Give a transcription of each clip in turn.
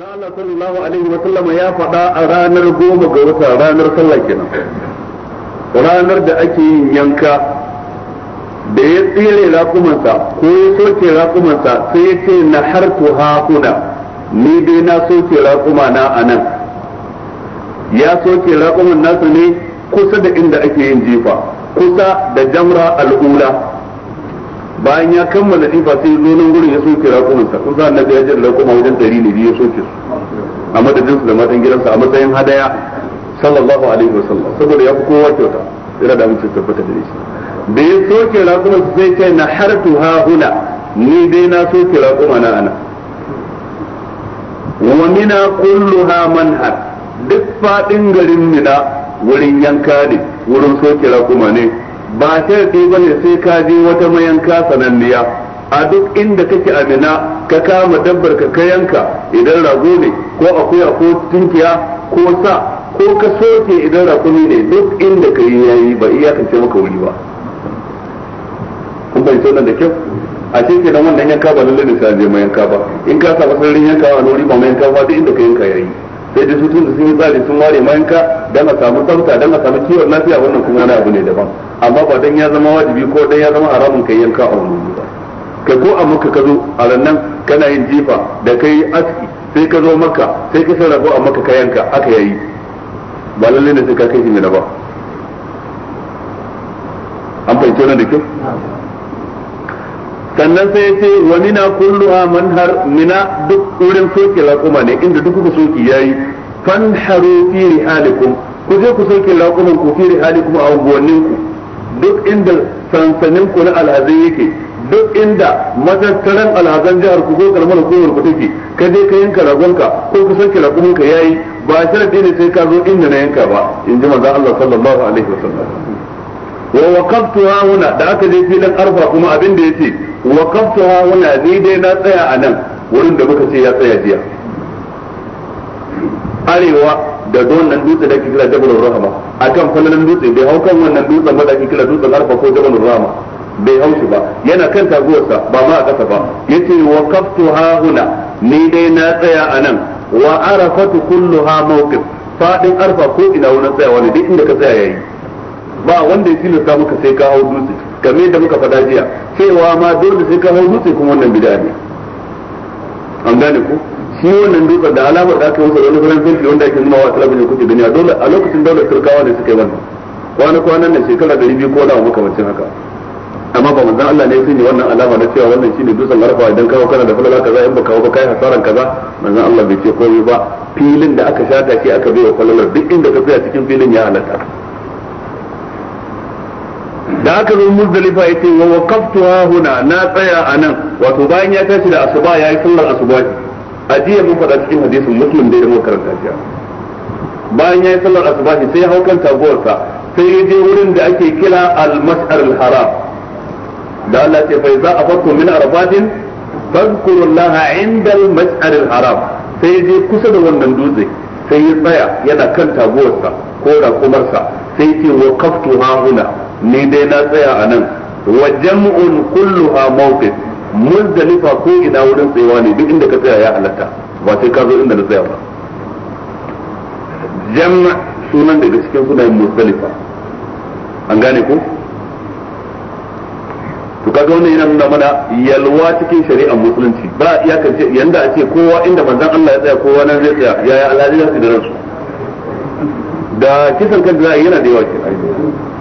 manzo Allah sallallahu alaihi wa sallam ya faɗa a ranar goma ga wata ranar sallah kenan ranar da ake yin yanka da ya tsire raƙumansa ko ya soke raƙumansa sai ya ce na hartu hakuna ni dai na soke raƙuma na a nan ya soke raƙuman nasu ne kusa da inda ake yin jifa kusa da jamra al'ula bayan ya kammala nifa sai zo nan gurin ya soke raƙumansa kun sa annabi ya jira kuma wajen ɗari ne biyu ya soke su a madadin su da matan gidansa a matsayin hadaya sallallahu alaihi wa sallam saboda ya fi kowa kyauta yana da amince tabbata da shi da ya soke raƙumansa sai ce na hartu ha huna ni dai na soke raƙuma na ana wa mina man manhar duk faɗin garin mina wurin yanka ne wurin soke raƙuma ne ba ba ne sai ka je wata mayanka sananniya a duk inda kake amina ka kama dabbar ka ka yanka idan rago ne ko akuya ko tunkiya ko sa ko ka soke idan rakumi ne duk inda ka yi yayi ba kance maka wuri ba kun bai sanar da kyau a ce kenan wannan yanka ba lalle ne sai je mayanka ba in ka saba sarrin yanka a wani ba mayanka ba duk inda ka yanka yayi sai dai su tun da sun yi tsari sun ware mayanka don a samu tsafta don a samu kiwon lafiya wannan kuma wani abu ne daban amma ba dan ya zama wajibi ko dan ya zama haramun kai yanka a wani ba ka ko a maka ka zo a ka kana yin jifa da kai aski sai ka zo maka sai ka sarrafa a maka ka yanka aka yayi ba lallai ne sai ka kai shi ne ba an fahimci wannan da kyau sannan sai ya ce wa mina a manhar mina duk wurin soke laƙuma ne inda duk kuka yi yayi fanharu fi ku je ku soke laƙuman ku fi rihalikum a unguwannin ku duk inda sansanin ku na alhazai yake duk inda matattaran al'azan jihar ku ko karamar hukumar ku take ka je ka yanka ragonka ko ku soke laƙumin ka yi ba sharadi ne sai ka zo inda na yanka ba in ji manzon Allah sallallahu alaihi sallam. wa waqaftu ha huna da aka je filin arfa kuma abin da yace waqaftu ha huna ni dai na tsaya a nan wurin da muka ce ya tsaya jiya arewa da nan dutse da ake kira jabal rahama akan falalan dutse bai hau kan wannan dutsen da ake kira dutsen arfa ko jabal rahama bai hau shi ba yana kan taguwarsa ba ma a kasa ba yace waqaftu ha huna ni dai na tsaya a nan wa arafatu kulluha mawqif fadin arfa ko ina wani tsaya wani duk inda ka tsaya yayi ba wanda ya tilasta maka sai ka hau dutse game da muka faɗa jiya cewa ma dole sai ka hau dutse kuma wannan bid'a ne an gane ko shi wannan dutsen da alamar da aka yi masa wani gurin filfi wanda ake nuna wa talabijin kuke gani a dole a lokacin dole turkawa ne suka yi wannan kwana-kwanan nan shekara ɗari biyu ko nawa makamancin haka amma ba manzon Allah ne ya sanya wannan alama na cewa wannan shine dutsen arfa idan kawo kana da falala kaza in kawo ba kai hasaran kaza manzan Allah bai ce komai ba filin da aka shata shi aka bai wa falalar duk inda ka tsaya cikin filin ya halatta da aka zo muzdalifa yace wa waqaftu huna na tsaya anan wato bayan ya tashi da asuba yayi sallar asuba a jiya mun faɗa cikin hadisin muslim da yayin karanta jiya bayan yayi sallar asuba sai ya hau kan sai ya je wurin da ake kira al masar al-haram da Allah ce fa idza afattu min arafatin fadhkurullaha 'inda al masar al-haram sai ya je kusa da wannan dutse sai ya tsaya yana kan taguwarsa ko da rakumarsa sai ya ce waqaftu huna ni dai na tsaya a nan wa jam'un a mawqif muzdalifa ko ina wurin tsayawa ne duk inda ka tsaya ya halatta ba sai ka zo inda na tsaya ba jam'a sunan daga cikin sunayen muzdalifa an gane ko to kaga wannan yana nuna mana yalwa cikin shari'ar musulunci ba ya kace yanda a ce kowa inda manzon Allah ya tsaya kowa nan zai tsaya yaya alhaji zai su da ransu da kisan kan da yana da yawa kenan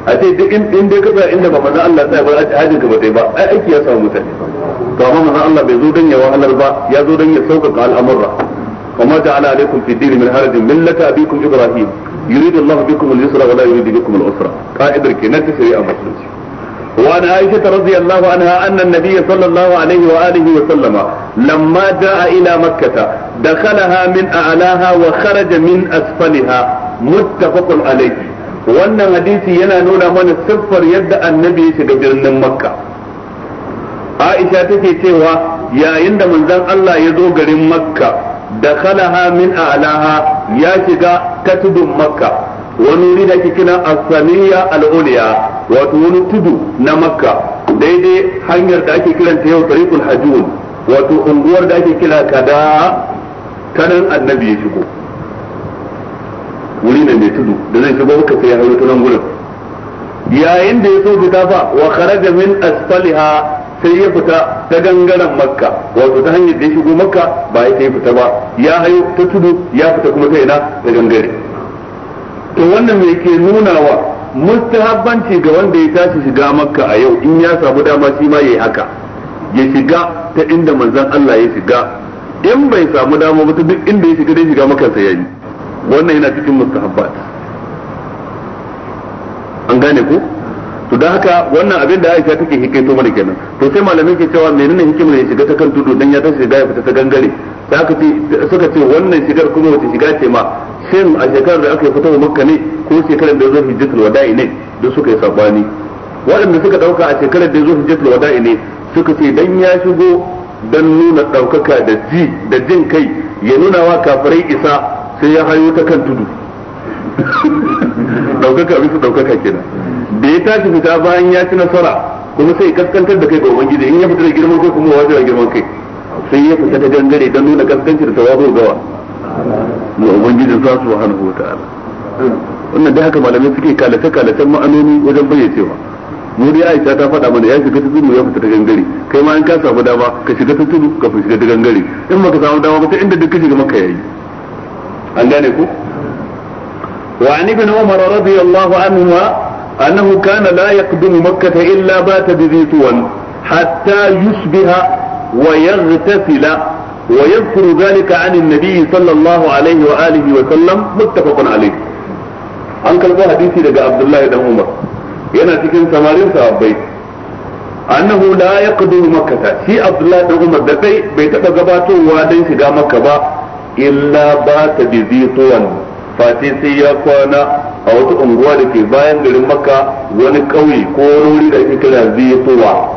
a ce duk in dai ka tsaya inda ba manzo Allah tsaya ba a hajjin ka ba dai ba ai aiki ya samu mutane to amma manzo Allah bai zo dan ya wahalar ba ya zo dan ya sauƙaƙa al'amura kuma da ala alaikum fi dini min harajin millata abikum ibrahim يريد الله بكم اليسر ولا يريد بكم العسر قائد الكنات سريع مسلسي وعن عائشة رضي الله عنها أن النبي صلى الله عليه وآله وسلم لما جاء إلى مكة دخلها من أعلاها وخرج من أسفلها متفق عليه wannan hadisi yana nuna mana siffar yadda annabi ya shiga birnin makka aisha take cewa yayin da manzon Allah ya zo garin makka da khalaha min a'laha ya shiga ta tudun makka wani wuri da ake kira asaniya al'uliya wato wani tudu na makka daidai hanyar da ake kiranta yau tariqul hajun wato unguwar da ake kira kada kanan annabi ya shigo wuri ne mai tudu da zai shigo maka sai ya hauro ta nan gurin yayin da ya so fita fa wa kharaja min asfaliha sai ya fita ta gangaren makka wato ta hanyar da ya shigo makka ba ya sai fita ba ya hayo ta tudu ya fita kuma ta ina ta gangare to wannan me ke nunawa mustahabbanci ga wanda ya tashi shiga makka a yau in ya samu dama shi ma yayi haka ya shiga ta inda manzon Allah ya shiga in bai samu dama ba ta duk inda ya shiga dai shiga makka sai yi wannan yana cikin mustahabbat an gane ko to dan haka wannan abin da Aisha take hikaito mana kenan to sai malamin ke cewa menene hikimar ya shiga ta kan tudu dan ya tashi shiga ya fita ta gangare da haka suka ce wannan shigar kuma wata shiga ce ma shin a shekarar da aka yi fitowa makka ne ko shekarar da zo hijjatul wada'i ne duk suka yi sabani waɗanda suka ɗauka a shekarar da zo hijjatul wada'i ne suka ce dan ya shigo dan nuna ɗaukaka da ji da jin kai ya nuna wa kafirai isa sai ya hayo ta kan tudu daukaka bisa daukaka kenan da ya tashi fita bayan ya ci nasara kuma sai kaskantar da kai ga ubangiji in ya fita da girman kai kuma wajen girman kai sai ya fita ta dangare don nuna kaskanci da tawazu gawa ga ubangiji za su ko ta ala wannan da haka malamai suke kalace kalace ma'anoni wajen bayyacewa mu dai Aisha ta faɗa mana ya shiga ta tudu ya fita ta gangare kai ma in ka samu dama ka shiga ta tudu ka fita ta gangare in ba ka samu dama ba ta inda duk ka shiga maka yayi an gane ku wa an ibn umar radiyallahu anhu annahu kana la yaqdimu makkah illa bata bi dhituwan hatta yusbiha wa yaghtasila ويذكر ذلك عن النبي صلى الله عليه وآله وسلم متفق عليه an karbo hadisi daga abdullahi dan umar yana cikin samarin sahabbai annahu la yaqdu makkata shi abdullahi dan umar da dai bai taba gabatowa dan shiga makka ba illa ba ta bi zituwan fati sai ya kwana a wata unguwa da ke bayan garin makka wani ƙauye ko wuri da ake kira zituwa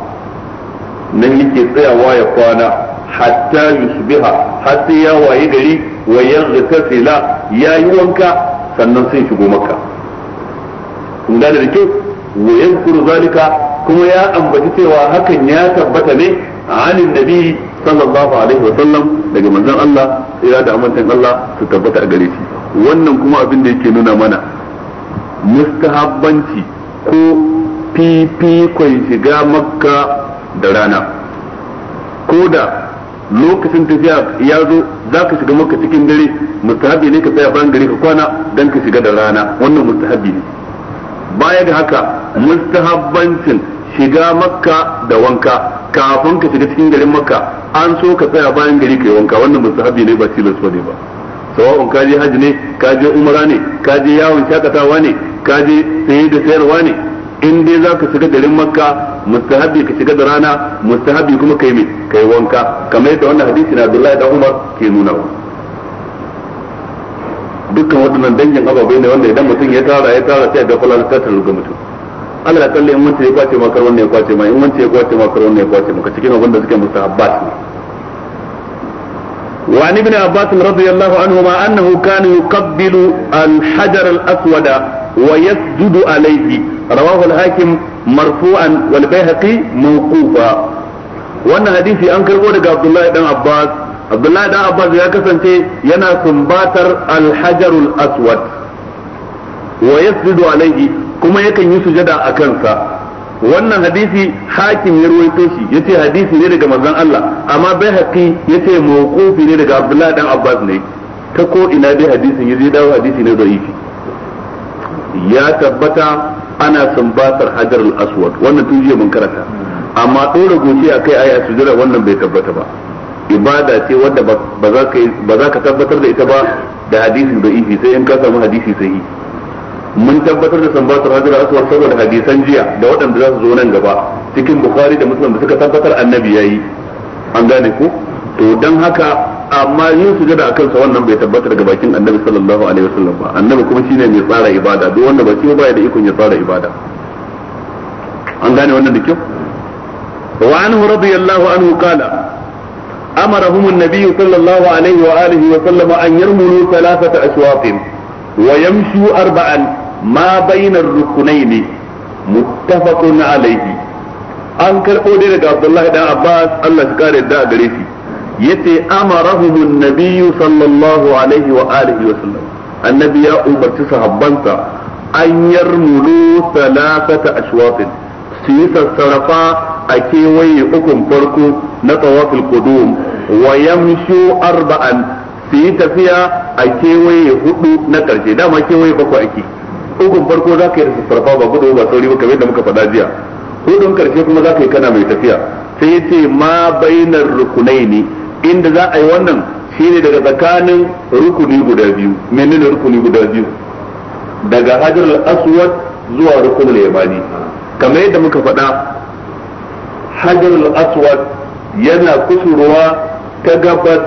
nan yake tsayawa ya kwana hatta yusbiha har ya waye gari wa yaghtasila ya yi wanka sannan sai shigo maka. kun da kyau wa yadhkuru zalika kuma ya ambaci cewa hakan ya tabbata ne a anin nabi sallallahu alaihi wa daga manzon Allah ya da amincin Allah su tabbata a gare shi wannan kuma abin da yake nuna mana mustahabbanci ko fifikon shiga makka da rana ko da lokacin tafiya ya zo za ka shiga maka cikin dare mustahabi ne ka tsaya bayan gari ka kwana don ka shiga da rana wannan mustahabi ne baya da haka mustahabbancin shiga makka da wanka kafin ka shiga cikin garin makka an so ka tsaya bayan gari ka yi wanka wannan musahabi ne ba tilas bane ba sawa'un ka je haji ne ka je umara ne ka je yawon shakatawa ne ka je saye da sayarwa ne in dai za ka shiga garin makka mustahabi ka shiga da rana mustahabi kuma kai mai yi wanka kamar yadda wannan hadisi na abdullahi da umar ke nuna wa dukkan waɗannan dangin ababai ne wanda idan mutum ya tara ya tara sai ga kwalar ta ga mutum Allah kalle in wance ya kwace maka wannan ya kwace ma in ya kwace wannan ya kwace cikin abin da suke mustahabbat ne wa ibn abbas radiyallahu annahu kana yuqabbilu al-hajar al-aswad wa yasjudu alayhi rawahu al-hakim marfu'an wal bayhaqi mawqufa wannan hadisi an karbo daga abdullahi dan abbas abdullahi dan abbas ya kasance yana sumbatar al-hajar al-aswad wa yasjudu alayhi kuma yakan yi sujada a kansa wannan hadisi hakim ya ruwaito shi yace hadisi ne daga manzon Allah amma bai haƙi yace mawqufi ne daga Abdullah dan Abbas ne ta ko ina dai hadisin yaje dawo hadisi ne da'ifi ya tabbata ana sumbatar hajar al-aswad wannan tun jiya mun karanta amma dole goshi akai ayi sujada wannan bai tabbata ba ibada ce wanda ba za ka tabbatar da ita ba da hadisin da'ifi sai in ka samu hadisi sahihi mun tabbatar da sambatar hajjar aswad saboda hadisan jiya da waɗanda za su zo nan gaba cikin bukhari da muslim da suka tabbatar annabi yayi an gane ku? to dan haka amma yin sujada akan sa wannan bai tabbata daga bakin annabi sallallahu alaihi wasallam ba annabi kuma shine mai tsara ibada duk wanda ba shi ba ya da ikon ya tsara ibada an gane wannan da kyau wa anhu radiyallahu anhu qala أمرهم sallallahu alaihi wa alihi وآله وسلم أن يرملوا ثلاثة أشواط ويمشوا أربعا ma bainar rukunaini muttafaqun alaihi an karbo dai daga Abdullahi dan Abbas Allah ya kare da gare shi yace amarahum an-nabiy sallallahu alaihi wa alihi wa sallam annabi ya umarci sahabbansa an yarmulu thalathata ashwaqin su yi sassarafa a kewaye ukun farko na tawafil qudum wa yamshu arba'an su yi tafiya a kewaye hudu na karshe dama kewaye bakwai ake ugun farko za ka yi sassarfa ba gudu ba sauri ba kamar yadda muka faɗa jiya hudun karshe kuma za ka yi kana mai tafiya sai ce ma bainar rukunai ne inda za a yi wannan shine daga tsakanin rukuni guda biyu menene rukuni guda biyu daga hajar al'aswad zuwa rukunin yamani kamar yadda muka faɗa hajar aswad yana kusurwa ta gabas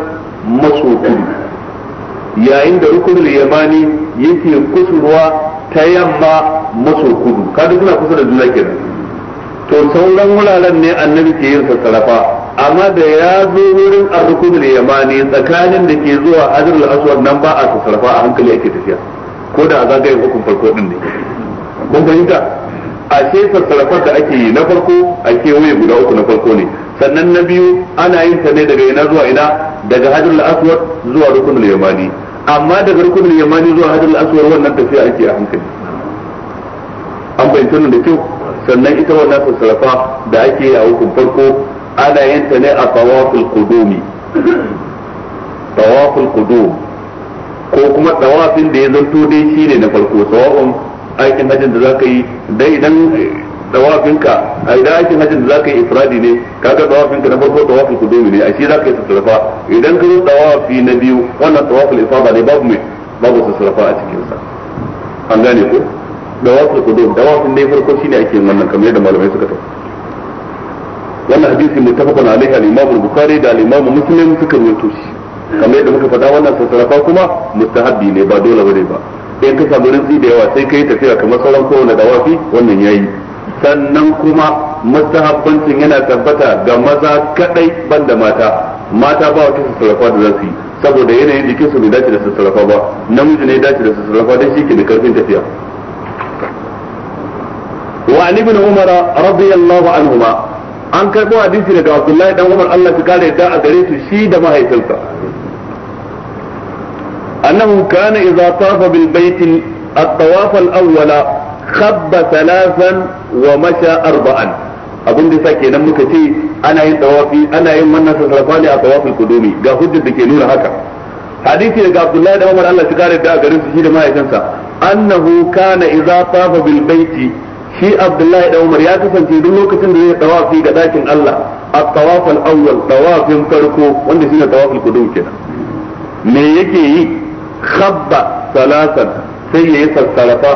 maso kudu yayin da rukunin yamani yake kusurwa ta yamma maso kudu kada suna kusa da juna kenan to sauran wuraren ne annabi ke yin sassarafa amma da ya zo wurin arrukunul yamani tsakanin da ke zuwa ajiyar aswad nan ba a sassarafa a hankali ake tafiya ko da a zagayen hukun farko din ne kun fahimta a ce sassarafar da ake yi na farko a kewaye guda uku na farko ne sannan na biyu ana yin ta ne daga ina zuwa ina daga hajarul aswad zuwa rukunin yamani amma daga rukunin yamani zuwa hadar al'asuwar wannan tafiya ake a hankali an bayyana da kyau sannan ita wannan sassarafa da ake a hukun farko ana yin ta ne a tawaful qudumi tawaful qudum ko kuma tawafin da ya zanto dai shine na farko tawafin aikin hajjin da za ka yi dai idan eh, tawafinka a idan aikin hajjin da ka yi ifradi ne ga tawafin ka na farko tawafin kudumi ne a shi ka yi sassarafa idan ka zo tawafi na biyu wannan tawafin ifada ne babu mai babu sassarafa a cikin sa an gane ko tawafin kudum tawafin dai farko shine ake wannan kamar yadda malamai suka tafi wannan hadisi muttafaqun alaihi al-Imam al-Bukhari da al-Imam Muslim suka rawaito shi kamar yadda muka faɗa wannan sassarafa kuma mustahabi ne ba dole bane ba in ka samu rinsi da yawa sai kai tafiya kamar sauran kowane dawafi wannan yi. sannan kuma mustahabbancin yana tabbata ga maza kadai banda mata mata ba wata sassarafa da zasu yi saboda yanayin jikin su bai dace da sassarafa ba namiji ne dace da sassarafa dan shi ke da karfin tafiya wa ali ibn umar radiyallahu anhuma an karbo hadisi daga abdullahi dan umar Allah ya kare da a gare su shi da mahaifinsa annahu kana idza tafa bil bait at-tawaf al-awwala khabba thalathan wa masha arba'an abin da yasa kenan muka ce ana yin tawafi ana yin wannan sarrafa ne a tawafin qudumi ga hujjar da ke nuna haka hadisi daga Abdullahi da Umar Allah shi kare da garin shi da mahaifinsa annahu kana idza tafa bil baiti shi Abdullahi da Umar ya kasance duk lokacin da yake tawafi ga dakin Allah at-tawaf al-awwal tawafin farko wanda shine tawafin qudum kenan me yake yi khabba salatan sai yayi sassarafa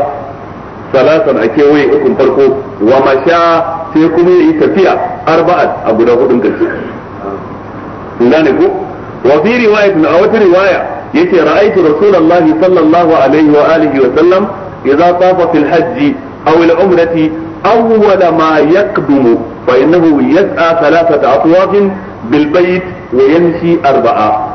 salasan a kewaye ukun farko wa masha sai kuma yi tafiya arba'at a guda hudun karshe gane ko wa fi riwayat a wata riwaya yace ra'aytu rasulullahi sallallahu alaihi wa alihi wa sallam idza tafa fil hajj aw al umrati awwala ma yaqdumu fa innahu yas'a thalathata atwaf bil bayt wa yamshi arba'a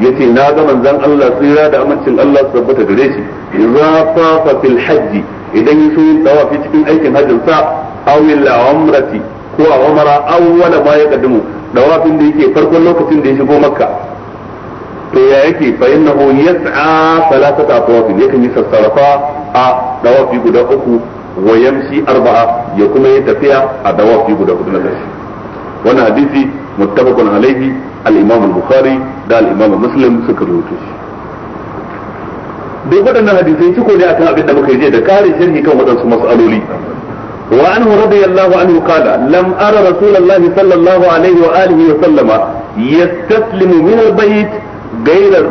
yace na ga manzon Allah tsira da amincin Allah su tabbata gare shi idza safa fil hajj idan yi sun tawafi cikin aikin hajjin sa aw lil umrati ko a umara awwala ma ya kaddamu dawafin da yake farkon lokacin da ya shigo makka to ya yake fa innahu yas'a salatata tawafin yakan yi sassarafa a dawafi guda uku wa yamshi arba'a ya kuma yi tafiya a dawafi guda hudu na wannan hadisi muttafaqun alaihi al-imam al-bukhari da al-imam muslim suka rubuta shi duk waɗannan hadisai ciko ne akan abin da muka yi da kare sharhi kan waɗansu mas'aloli wa وعنه رضي الله عنه قال لم أرى رسول الله صلى الله عليه وآله وسلم يستسلم من البيت غير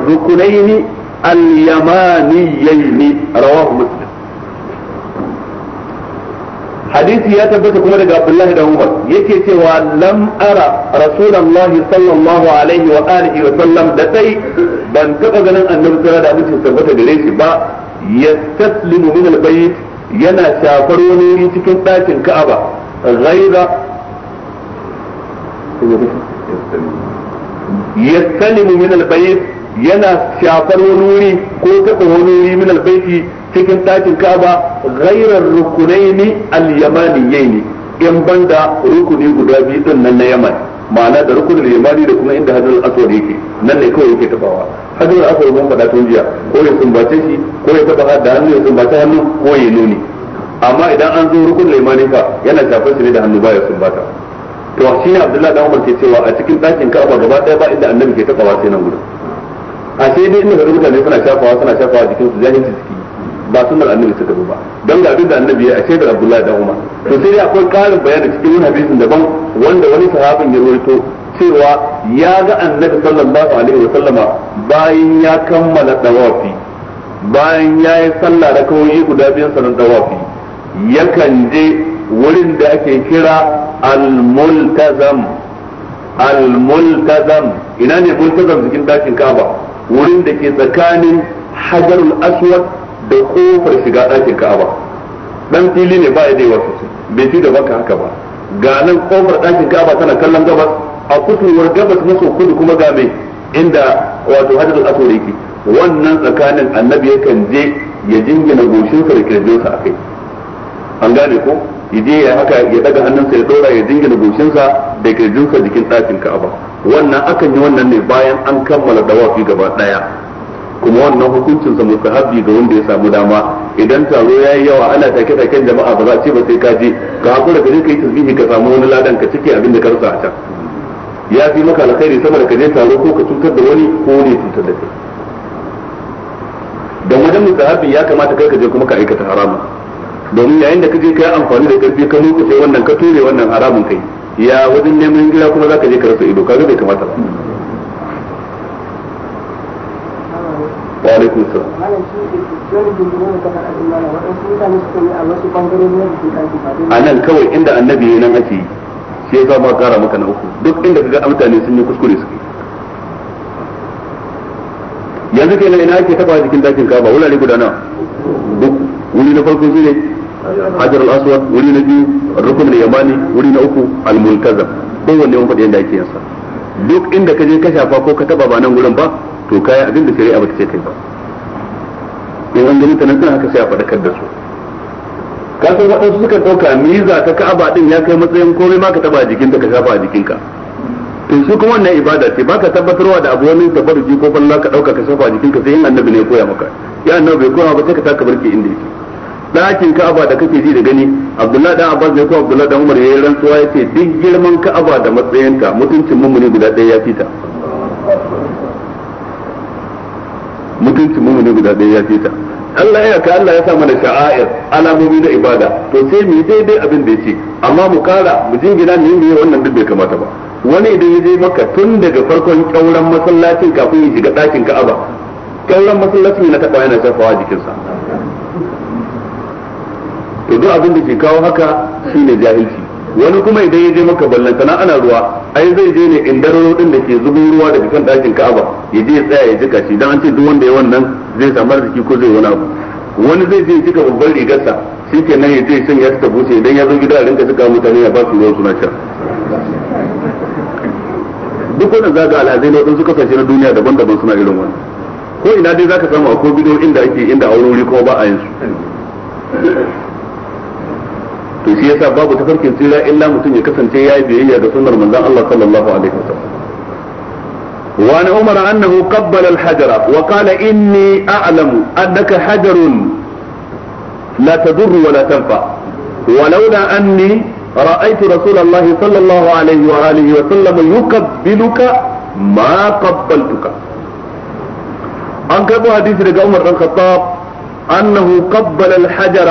al اليمانيين rawahu muslim hadisi ya tabbata kuma daga Abdullahi da Umar yake cewa lam ara rasulullahi sallallahu alaihi wa alihi wa sallam da sai ban taɓa ganin annabi sallallahu da mutum tabbata gare shi ba yastaslimu min albayt yana shafar wani cikin ɗakin Ka'aba ghaira yastalimu yana shafar wani wuri ko taɓa wani wuri min albaiti cikin ɗakin ka'aba ghairar rukunaini al-yamaniyyaini in banda rukuni guda biyu din nan na yaman ma'ana da rukunin yamani da kuma inda hajar aswad yake nan ne kawai yake tabawa hajar aswad mun faɗa tun jiya ko ya sumbace shi ko ya taɓa da hannu ya sumbace hannu ko ya nuni amma idan an zo rukunin yamani fa yana shafar shi ne da hannu baya sumbata to shi ne abdullahi dan umar ke cewa a cikin ɗakin ka'aba gaba ɗaya ba inda annabi ke tabawa sai nan gudu. a sai dai rubuta mutane suna shafawa suna shafawa jikin su jahilci jiki ba sunnar annabi suka zo ba don ga abin da annabi ya ashe da abdullahi da umar to sai dai akwai karin bayani cikin wani hadisin daban wanda wani sahabin ya rawaito cewa ya ga annabi sallallahu alaihi wa sallama bayan ya kammala dawafi bayan ya yi sallah da kawai guda biyan sanin dawafi yakan je wurin da ake kira al-multazam al-multazam ina ne multazam cikin dakin kaba wurin da ke tsakanin hajarul aswad da kofar shiga ɗakin ka'aba dan fili ne ba ya dai wasu bai fi da baka haka ba ga nan kofar ɗakin ka'aba tana kallon gabas a kusurwar gabas maso kudu kuma ga mai inda wato hajarul aswad yake wannan tsakanin annabi yakan je ya jingina sa da kirjinsa a kai an gane ko ya je ya haka ya daga hannunsa ya dora ya jingina sa da sa jikin ɗakin ka'aba wannan akan yi wannan ne bayan an kammala dawafi gaba daya kuma wannan hukuncin sa mustahabi ga wanda ya samu dama idan taro yayi yawa ana take take jama'a ba za a ce ba sai ka je ka hakura ka je kai tasbihi ka samu wani ladan ka cike abin da ka rasa a can ya fi maka alkhairi sama ka je taro ko ka cutar da wani ko ne cutar da kai dan wajen mustahabi ya kamata kai ka je kuma ka aikata haramun domin yayin da kaje kai amfani da karfi ka nuka sai wannan ka ture wannan haramun kai ya wajen neman gida kuma zaka je ka rasa ido kaga bai kamata ba a nan kawai inda annabi ya nan ake yi sai ya ba kara maka na uku duk inda kaga mutane sun yi kuskure su yanzu kenan ina ake taba jikin dakin kaba wulare guda na duk wuri na farko ne. hajar al-aswad wuri na biyu rukun al-yamani wuri na uku al-multazam kowanne mun faɗi da ake yin duk inda ka je ka shafa ko ka taba ba nan gurin ba to kai abin da shari'a ba ta ce kai ba in an gani ta nan haka sai a faɗakar da su ka san waɗansu suka ɗauka miza ta ka'aba din ya kai matsayin komai ma ka taba a jikinta ka shafa a jikinka to shi kuma wannan ibada ce baka tabbatarwa da abu wani tabarruji ko falla ka ɗauka ka shafa a jikinka sai in annabi ne ya koya maka ya annabi bai koya ba sai ka taka barke inda yake ɗakin ka'aba da kake ji da gani abdullahi dan abbas ne ko abdullahi dan umar yayin rantsuwa yace duk girman ka'aba da matsayinta mutuncin mummuni guda ɗaya ya fita mutuncin mummuni guda ɗaya ya fita Allah ya ka Allah ya sa mana sha'air alamomi na ibada to sai mu daidai abin da yace amma mu kara mu jingina mu yi wannan duk bai kamata ba wani idan ya je maka tun daga farkon kauran masallacin kafin ya shiga ɗakin ka'aba kauran masallacin yana taɓa yana shafawa jikinsa to duk abin da ke kawo haka shine jahilci wani kuma idan ya je maka ballantana ana ruwa ai zai je ne in daro din da ke zubin ruwa daga kan dakin Ka'aba ya je ya tsaya ya jika shi dan an ce duk wanda ya wannan zai samu arziki ko zai wani abu wani zai je ya jika babban rigarsa shi ke nan ya je shan ya ta bushe idan ya zo gida a rinka jika mutane ya ba su ruwa suna sha duk wannan zaga alhazai na wadansu kasashe na duniya daban-daban suna irin wannan ko ina dai zaka samu akwai bidiyo inda ake inda aurori ko ba a yin su to shi yasa babu tafarkin tsira illa mutum ya kasance yayi biyayya ga sunnar manzon Allah sallallahu alaihi wasallam وعن عمر أنه قبل الحجر وقال إني أعلم أنك حجر لا تضر ولا تنفع ولولا أني رأيت رسول الله صلى الله عليه وآله وسلم يقبلك ما قبلتك أنكبوا حديث لك عمر بن الخطاب أنه قبل الحجر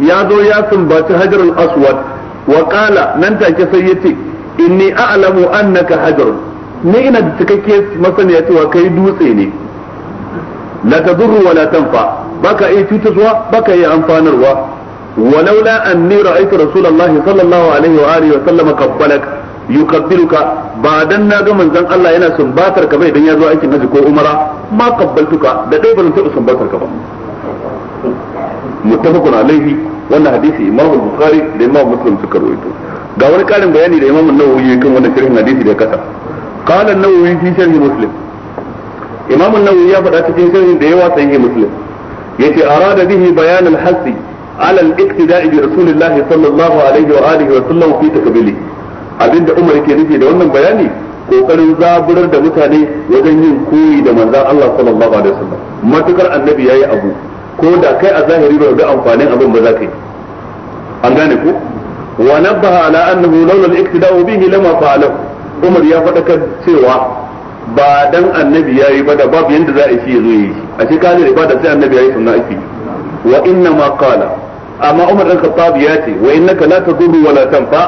ya zo ya sumbaci hajar aswad wa qala nan take sai ya ce inni a'lamu annaka hajar ni ina da cikakke masaniya cewa kai dutse ne la tadurru wa la tanfa baka iya cutarwa baka yi amfanarwa ولولا أني رأيت رسول الله صلى الله عليه وآله وسلم قبلك يقبلك بعد أن من زن الله ينا سنباتر كما إذن يزوى أيكي نجي كو أمرا ما قبلتك دا بلن تقو سنباتر كما muttafaqun alaihi wannan hadisi imam al-bukhari da imam muslim suka rawaito ga wani karin bayani da imam an-nawawi kan wannan sharhin hadisi da kasa qala an-nawawi fi sharhi muslim imam an-nawawi ya faɗa cikin sharhin da yawa sahihi muslim yace arada bihi bayan al-hasi ala al-iqtida'i bi rasulillah sallallahu alaihi wa alihi wa sallam fi takbili abinda umar yake nufi da wannan bayani kokarin zaburar da mutane wajen yin koyi da manzon Allah sallallahu alaihi wasallam matukar annabi yayi abu ko da kai a zahiri ba ga amfanin abin ba za ka yi an gane ko wa nabbaha ala annahu lawla al-iktida'u bihi lama fa'alahu Umar ya kan cewa ba dan annabi yayi ba da babu yanda za a yi zo yi a ce kale ba da sai annabi yayi sunna ake wa inna ma qala amma Umar dan Khattab ya ce wa innaka la tadurru wa la tanfa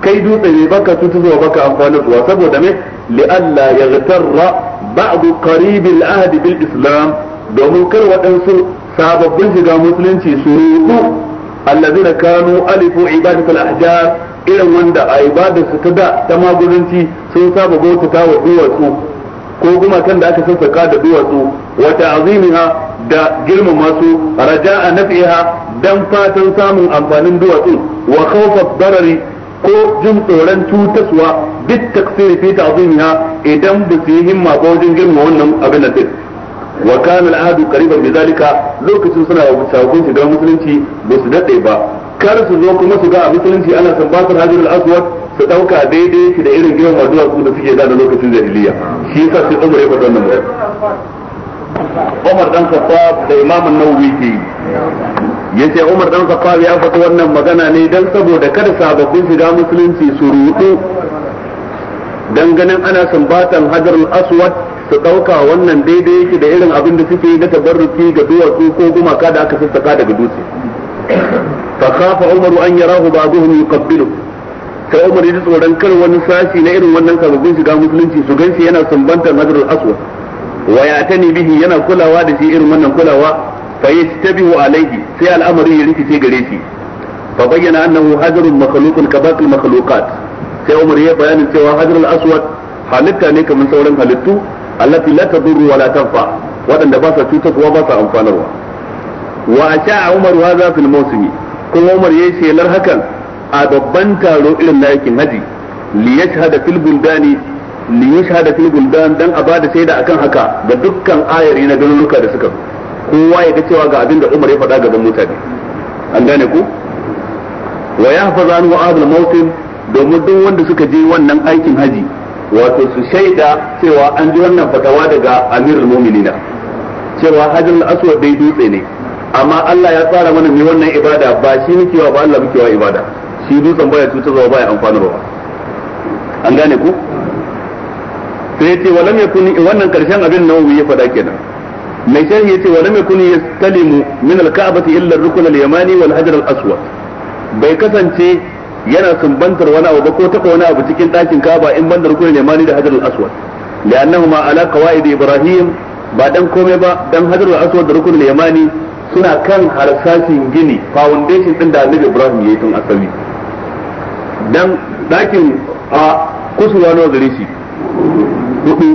kai dutse ne baka tutuwa baka amfanin zuwa saboda me li'alla yaghtarra ba'd qarib al-ahd bil islam domin kar waɗansu sababbin shiga musulunci su rubu allazina kanu alifu ibadatul ahjar irin wanda a su ta da ta magudanci sun saba bautata wa duwatsu ko kuma kan da aka sassaka da duwatsu wa ta'zimiha da girmama su raja'a naf'iha dan fatan samun amfanin duwatsu wa khawfa darari ko jin tsoron cutaswa duk taksiri fi ta'zimiha idan ba su yi himma ko wajen girma wannan abin da wa kana al'adu qariban bi zalika lokacin suna shi shiga musulunci ba su dade ba kar su zo kuma su ga a musulunci ana sambatar hajar al-aswad su dauka daidai shi da irin gidan waduwa su da suke da lokacin jahiliya shi yasa sai Umar ya faɗa wannan magana Umar dan Khattab da Imam An-Nawawi ke yace Umar dan Khattab ya faɗa wannan magana ne dan saboda kada sababbin shiga musulunci su rudu dan ganin ana sambatan hajar al-aswad su ɗauka wannan daidai yake da irin abin da suke na tabarruki ga duwatsu ko gumaka da aka sassaka daga dutse fa kafa umaru an yarahu ba'dhum kabbilu sai umar ya tsoron kar wani sashi na irin wannan sababbin shiga musulunci su gan shi yana sumbantar hajarul Aswa. wa bihi yana kulawa da shi irin wannan kulawa fa yastabihu alaihi sai al'amari ya rikice gare shi fa bayyana annahu hajarun makhluqun ka baqi makhluqat sai umar ya bayanin cewa hajarul aswad halitta ne kamar sauran halittu allati la tadurru wa la tanfa waɗanda ba sa cutarwa ba sa amfanarwa wa sha umar hadha fil mawsimi kuma umar yayi shelar hakan a babban taro irin na yakin haji li yashhada fil buldani li yashhada fil buldan dan a bada shaida akan haka ga dukkan ayari na garuruka da suka kowa ya ga cewa ga abin da umar ya faɗa gaban mutane an gane ku wa yahfazanu wa abul mawsim domin duk wanda suka je wannan aikin haji wato su shaida cewa an ji wannan fatawa daga amirul mu'minina cewa hajjal aswad dai dutse ne amma Allah ya tsara mana mai wannan ibada ba shi ne wa ba Allah muke wa ibada shi dutsen baya cutarwa baya ba. an gane ku sai ce mai kuni wannan karshen abin nan wuyi faɗa kenan mai sharhi yace mai kuni yastalimu min al-ka'bati illa ar-rukn al-yamani wal hajar al-aswad bai kasance yana sumbantar wani abu ko taba wani abu cikin ɗakin kaba in bandar kullu ne mani da al aswad li'annahuma ala qawaid ibrahim ba dan komai ba dan al aswad da rukunul yamani suna kan harsashin gini foundation din da annabi ibrahim yayi tun asali dan dakin a kusurwa nawa gare shi hudu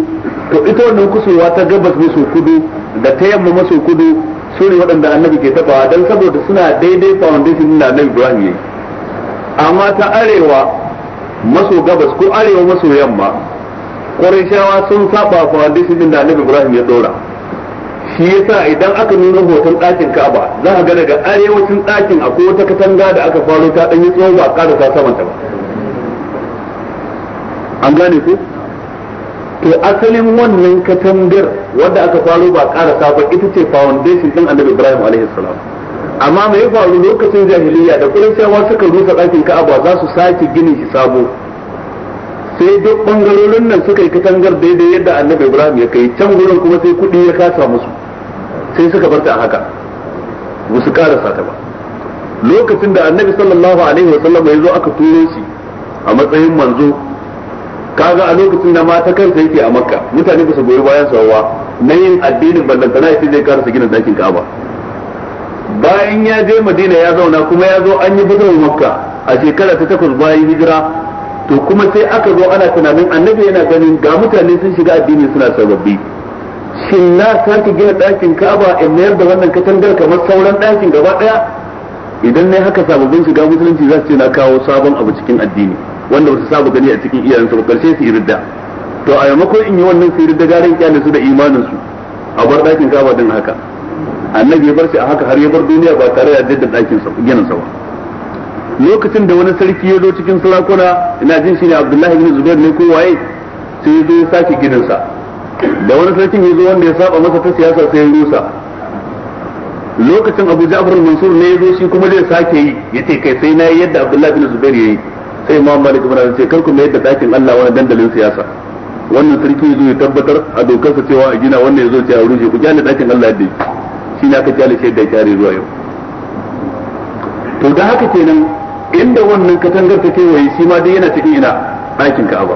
to ita wannan kusurwa ta gabas maso kudu da ta yamma maso kudu su ne waɗanda annabi ke tabawa dan saboda suna daidai foundation din da annabi ibrahim yayi amma ta arewa maso gabas ko arewa maso yamma ƙwarishawa sun saba ku hadisi din da annabi ibrahim ya dora shi yasa idan aka nuna hoton ɗakin ka'aba za ka ga daga arewacin ɗakin akwai wata katanga da aka faro ta ɗanyi tsohon ba ƙara ta saman ta ba an gane ku to asalin wannan katangar wadda aka faro ba ƙara ta ba ita ce foundation ɗin annabi ibrahim alaihi salam amma mai yi faru lokacin jahiliya da cewa suka rusa ɗakin ka'aba za su sake gini shi sabo sai duk bangarorin nan suka yi katangar daidai yadda annabi ibrahim ya kai can gurin kuma sai kuɗi ya kasa musu sai suka bar ta a haka ba su karasa ta ba lokacin da annabi sallallahu alaihi wa sallam ya zo aka turo shi a matsayin manzo kaga a lokacin da mata kansa yake a makka mutane ba su goyi bayan sawa na yin addinin ballantana ya fi zai karasa gina dakin ka'aba bayan ya je madina ya zauna kuma ya zo an yi gudun makka a shekara ta takwas bayan hijira to kuma sai aka zo ana tunanin annabi yana ganin ga mutane sun shiga addini suna sababbi shin na sake gina ɗakin ka'aba in mayar da wannan katangar kamar sauran ɗakin gaba ɗaya idan na haka sababbin shiga musulunci za su ce na kawo sabon abu cikin addini wanda ba su saba gani a cikin iyayensu ba karshe su irida to a yamakon in yi wannan su irida garin kyale su da imanin su a bar ɗakin ka'aba din haka annabi ya bar shi a haka har ya bar duniya ba tare da jaddada ɗakin sa ginin sa ba lokacin da wani sarki ya zo cikin sarakuna ina jin shi ne Abdullahi bin Zubair ne ko waye sai ya zo ya sake ginin sa da wani sarkin ya zo wanda ya saba masa ta siyasa sai ya rusa lokacin Abu Ja'far al-Mansur ne ya zo shi kuma zai sake yi yace kai sai na yi yadda Abdullahi bin Zubair yayi sai Imam Malik bin Anas ce kar ku mai yadda ɗakin Allah wani dandalin siyasa wannan sarki ya zo ya tabbatar a dokarsa cewa a gina wanda ya zo ce a rushe ku gyara ɗakin Allah yadda yake shi ne aka kyale shi da kyare zuwa yau to da haka kenan inda wannan katangar ta kewaye shi ma dai yana cikin ina ɗakin ka'aba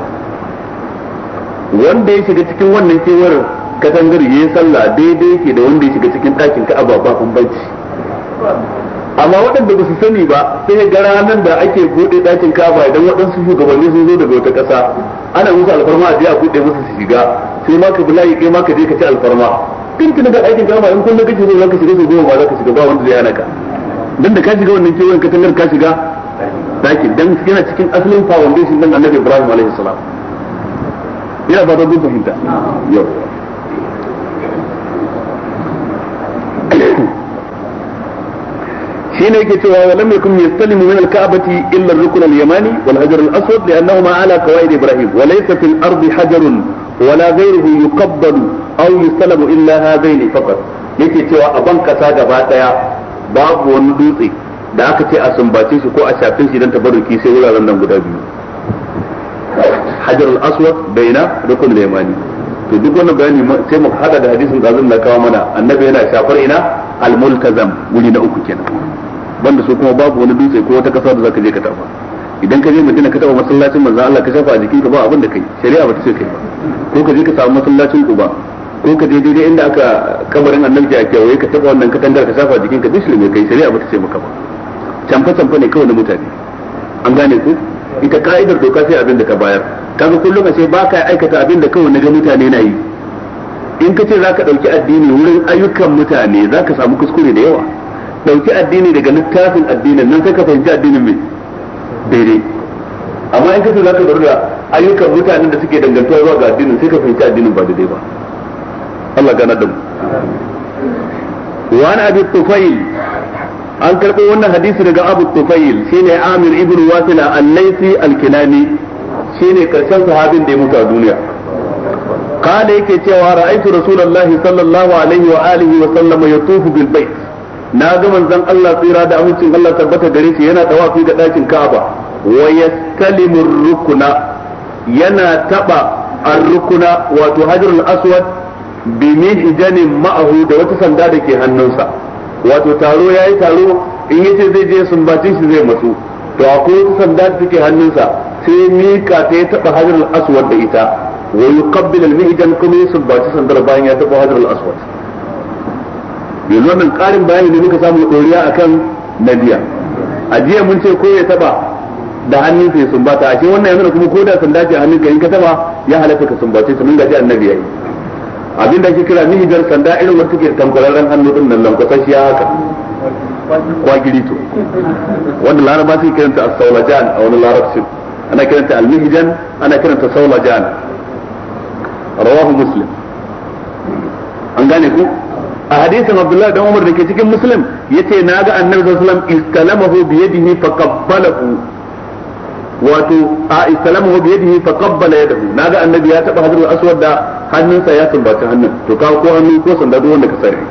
wanda ya shiga cikin wannan kewar katangar ya yi sallah daidai ke da wanda ya shiga cikin ɗakin ka'aba ba bambanci amma waɗanda ba su sani ba sai ga ranar da ake buɗe ɗakin kaba idan waɗansu shugabanni sun zo daga wata ƙasa ana musu alfarma a je a buɗe musu su shiga sai ma ka bulayi kai ma ka je ka ci alfarma tun daga aikin kama in kullum kace zai zaka shiga su goma ba zaka shiga ba wanda zai hana ka dan da ka shiga wannan kewayen ka tangar ka shiga daki dan yana cikin asalin foundation din Annabi Ibrahim alaihi salam ina ba ta duk fahimta yau حين يكتوا ولم يكن يستلم من الكعبة إلا الركن اليماني والحجر الأسود لأنهما على قواعد إبراهيم وليس في الأرض حجر wala غيره يقبل aw يسلم illa هذين فقط yake cewa a ban kasa gaba daya babu wani dutse da aka ce a sumbace shi ko a shafe shi dan tabarruki sai wuraren nan guda biyu hajar al-aswad baina rukun al-yamani to duk wannan bayani sai mu hada da hadisin da zan kawo mana annabi yana shafar ina al-multazam wuri na uku kenan banda su kuma babu wani dutse ko wata kasa da zaka je ka taba idan ka je madina ka taba masallacin manzon Allah ka shafa a jikinka ba abin da kai shari'a ba ta ce kai ba ko ka je ka samu masallacin uba ko ka je daidai inda aka kabarin annabi a kewaye ka taba wannan katangar ka shafa jikin ka dishi mai kai shari'a ba ta ce maka ba canfa canfa ne kawai na mutane an gane ku ita ka'idar doka sai abin da ka bayar kaga kullum a ce ba ka aikata abin da kawai na ga mutane na yi in ka ce za ka ɗauki addini wurin ayyukan mutane za ka samu kuskure da yawa ɗauki addini daga littafin addinin nan sai ka fahimci addinin mai daidai amma in kace zaka lura da ayyukan mutanen da suke dangantawa zuwa ga addinin sai ka fahimci addinin ba daidai ba Allah gana da mu wa an abi tufail an karɓo wannan hadisi daga abu tufail shine amir ibn wasila al-laisi al-kinani shine karshen sahabin da ya mutu a duniya قال yake cewa ra'aytu rasulullahi sallallahu alaihi wa alihi wa sallam yatufu bil bait na ga manzon Allah tsira da amincin Allah tabbata gare shi yana tawafi ga dakin Ka'aba wa yastalimu rukuna yana taɓa ar-rukuna wato hajarul aswad bi mihjanin ma'ahu da wata sanda da ke hannunsa wato taro yayi taro in yace zai je sumbacin shi zai matsu to akwai wata sanda da take hannunsa sai mika ta ya taba hajarul aswad da ita wa yuqabbil al-mihjan kuma ya sumbaci sandar bayan ya taba hajarul aswad yanzu wannan karin bayani da muka samu doriya akan biya. a jiya mun ce ko ya taba da hannun sai sumbata a shi wannan yanzu kuma ko da sanda ce hannun ka in ka taba ya halatta ka sumbace su mun gaji annabi yayi abin da ake kira mihijar sanda irin wanda ke tamkwararren hannu din nan ya haka kwagiri to wanda laraba sai kiranta as-saulajan a wani larabcin ana kiranta almihi mihjan ana kiranta saulajan rawahu muslim an gane ku a hadisin abdullahi dan umar da ke cikin muslim yace naga annabi sallallahu alaihi wasallam istalamahu biyadihi yadihi faqabbalahu wato a islamahu bi yadihi fa qabbala yadahu naga annabi ya taba hajarul aswad da hannunsa ya sumbaci hannun to ka ko hannu ko sanda duk wanda ka sani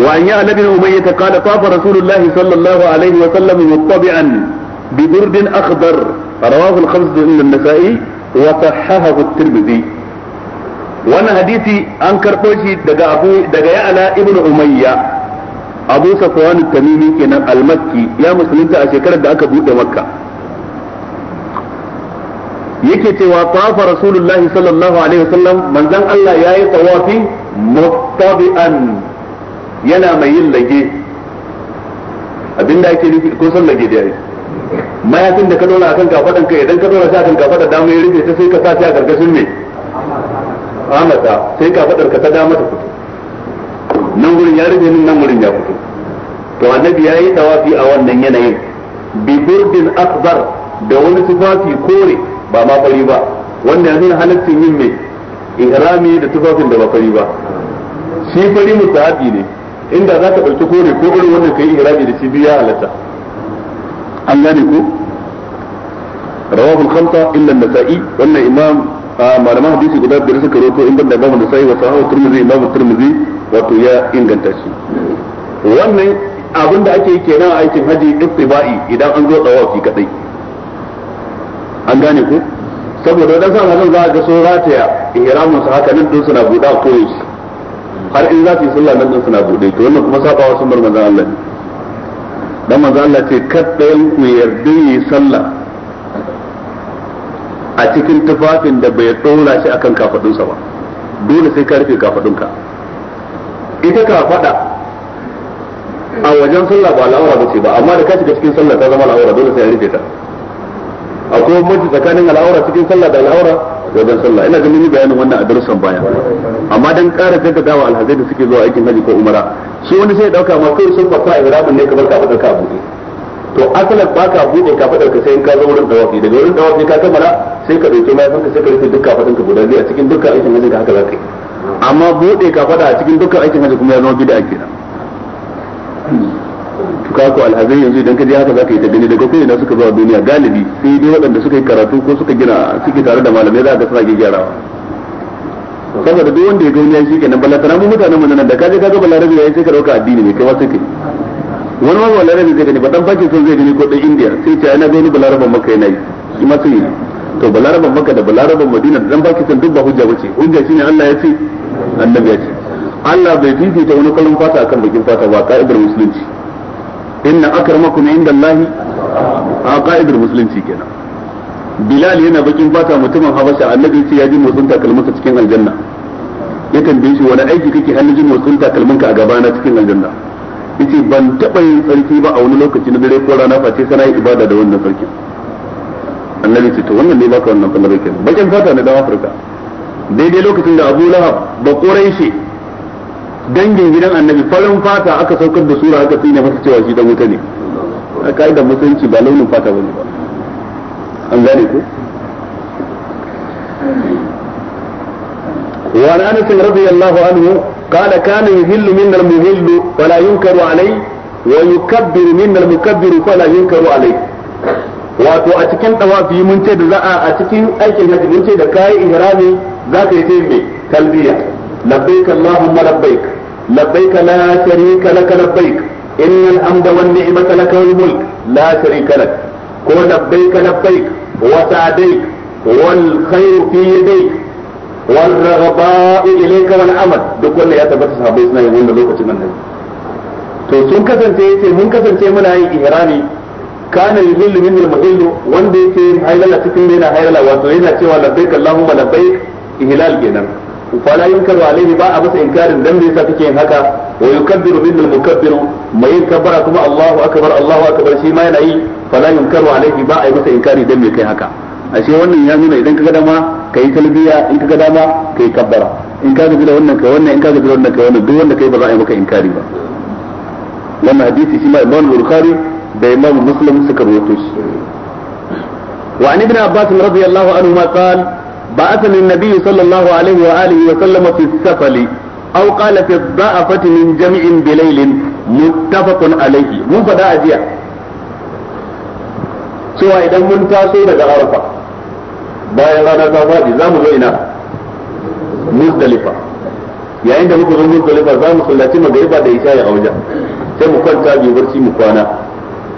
wa an ya annabi umayya ta qala tafa rasulullah sallallahu alaihi wa sallam muttabi'an bi burdin akhdar rawahu al-khams min an-nasa'i wa sahahahu at-tirmidhi wannan hadisi an karbo shi daga abu daga ya'la ibnu umayya abu safwan tamimi kenan al ya musulunta a shekarar da aka bude makka yake cewa tafa rasulullahi sallallahu alaihi wasallam manzon Allah yayi tawafi muttabi'an yana mai yin lage abinda yake nufi ko san lage da yayi mayafin da ka dora akan kafadan ka idan ka dora shi akan kafadar dama ya rufe ta sai ka sa ta a karkashin me amata sai kafadar ka ta dama ta fito nan gurin ya rufe nan gurin ya fito to annabi ya yi tawafi a wannan yanayin bi burdin akbar da wani tufafi kore ba ma fari ba wanda ya nuna halaccin yin mai ihrami da tufafin da ba fari ba shi fari musahabi ne inda za ka ɗauki kore ko irin wannan kai ihrami da shi biya halatta an gane ko rawahu al-khamsa illa an-nasa'i wannan imam ah, malaman hadisi guda biyar suka roto in banda imam an-nasa'i wa sahahu tirmidhi imam tirmidhi wato ya inganta shi wannan abin da ake yi kenan a aikin haji iftibai idan an zo tsawafi kadai an gane ku saboda wadansu alhazan za a ga sun rataya ihramin su haka nan din suna buɗe a koyaushe har in za su yi sallah nan din suna buɗe to wannan kuma sabawa sun bar manzon Allah ne dan manzon Allah ce kaddayan ku yarda yi sallah a cikin tufafin da bai ɗora shi akan kafadunsa ba dole sai ka rufe kafadunka ita ka faɗa a wajen sallah ba al'aura ba ce ba amma da ka shiga cikin sallah ta zama al'aura dole sai a rufe ta akwai mutu tsakanin al'aura cikin sallah da al'aura wajen sallah ina ganin bayanin wannan a darussan baya amma dan ƙara wa alhazai da suke zuwa aikin haji ko umara su wani sai dauka ma kai sun fasa ibrahim ne kamar ka fadar ka bude to asalan ba ka bude ka fada ka sai in ka zo wurin dawafi daga wurin dawafi ka kammala sai ka dauki mai sai ka rufe dukkan fadin ka guda a cikin dukkan aikin haji da haka zakai amma bude ka fada a cikin dukkan aikin hajji kuma ya zama bid'a kenan ka ko alhazai yanzu idan ka je haka zaka yi ta gani daga koyina suka zuwa duniya galibi sai dai waɗanda suka yi karatu ko suka gina suke tare da malamai za ka suna gyarawa saboda duk wanda ya ga wani shi kenan balla tana mu mutanen mu nan da kaje kaga balarabi yi sai ka dauka addini ne kai wasu kai wani ma balarabi zai gani ba dan bakin son zai gani ko dan indiya sai ce ina ga wani balaraban maka yana yi shi ma sai to balaraban maka da balaraban madina da dan bakin son duk ba hujja bace hujja shine Allah ya ce annabi ya ce Allah bai fifita wani kallon fata akan bakin fata ba ka'idar musulunci inna akramakum indallahi a ka'idar musulunci kenan Bilal yana bakin fata mutumin Habasha annabi ce ya ji motsin takalminsa cikin aljanna ya tambaye shi wani aiki kake hannu jin motsin takalminka a gaba na cikin aljanna yace ban taba yin tsarki ba a wani lokaci na dare ko rana face sana yi ibada da wannan sarkin annabi ce to wannan ne baka wannan bangare kenan bakin fata ne dan Afirka daidai lokacin da Abu Lahab ba Quraishi dangin gidan Annabi farin fata aka saukar da sura aka tsine masa cewa shi dan wuta ne a kaida musulunci ba launin fata ba ne. an gane ku? ko وعن انس رضي min عنه قال كان يهل منا المهل فلا ينكر min ويكبر منا المكبر فلا ينكر عليه wato a cikin tawafi mun ce da za'a a cikin aikin hajji mun ce da kayi ihrami za ka yi ta mai talbiya labbaik allahumma labbaik labbaik la sharika lak labbaik innal amda wan ni'mata lak wal mulk la sharika lak ko labbaik labbaik wa sa'daik wal khayr fi yadayk wal raghba'u ilayka wal amal duk wanda ya tabbata sahabbai suna yin wannan lokacin nan to sun kasance yace mun kasance muna yin ihrami kana yuzillu min al-muhillu wanda yake yin haylala cikin yana haylala wato yana cewa labbaik allahumma labbaik ihlal kenan fala yunkaru alaihi ba a masa inkarin dan me yasa kake yin haka wa yukabbiru min al mukabbiru mai yin kabbara kuma Allahu akbar Allahu akbar shi ma yana yi fala yunkaru alaihi ba a masa inkari dan me kai haka ashe wannan ya nuna idan kaga dama kai talbiya in kaga dama kai kabbara in ka gaji wannan kai wannan in ka gaji wannan kai wannan duk wanda kai ba za a yi maka inkari ba wannan hadisi shi ma Imam Bukhari da Imam Muslim suka rawaito shi وعن ابن عباس رضي الله عنهما قال بعثني النبي صلى الله عليه وآله وسلم في السفل أو قال في الضعفة من جمع بليل متفق عليه من فدا أجيا سوى إذا من تاسو لك عرفة bayan rana ta faɗi za mu zo ina muzdalifa yayin da muka zo muzdalifa za mu sallaci magariba da isha a wajen sai mu kwanta barci mu kwana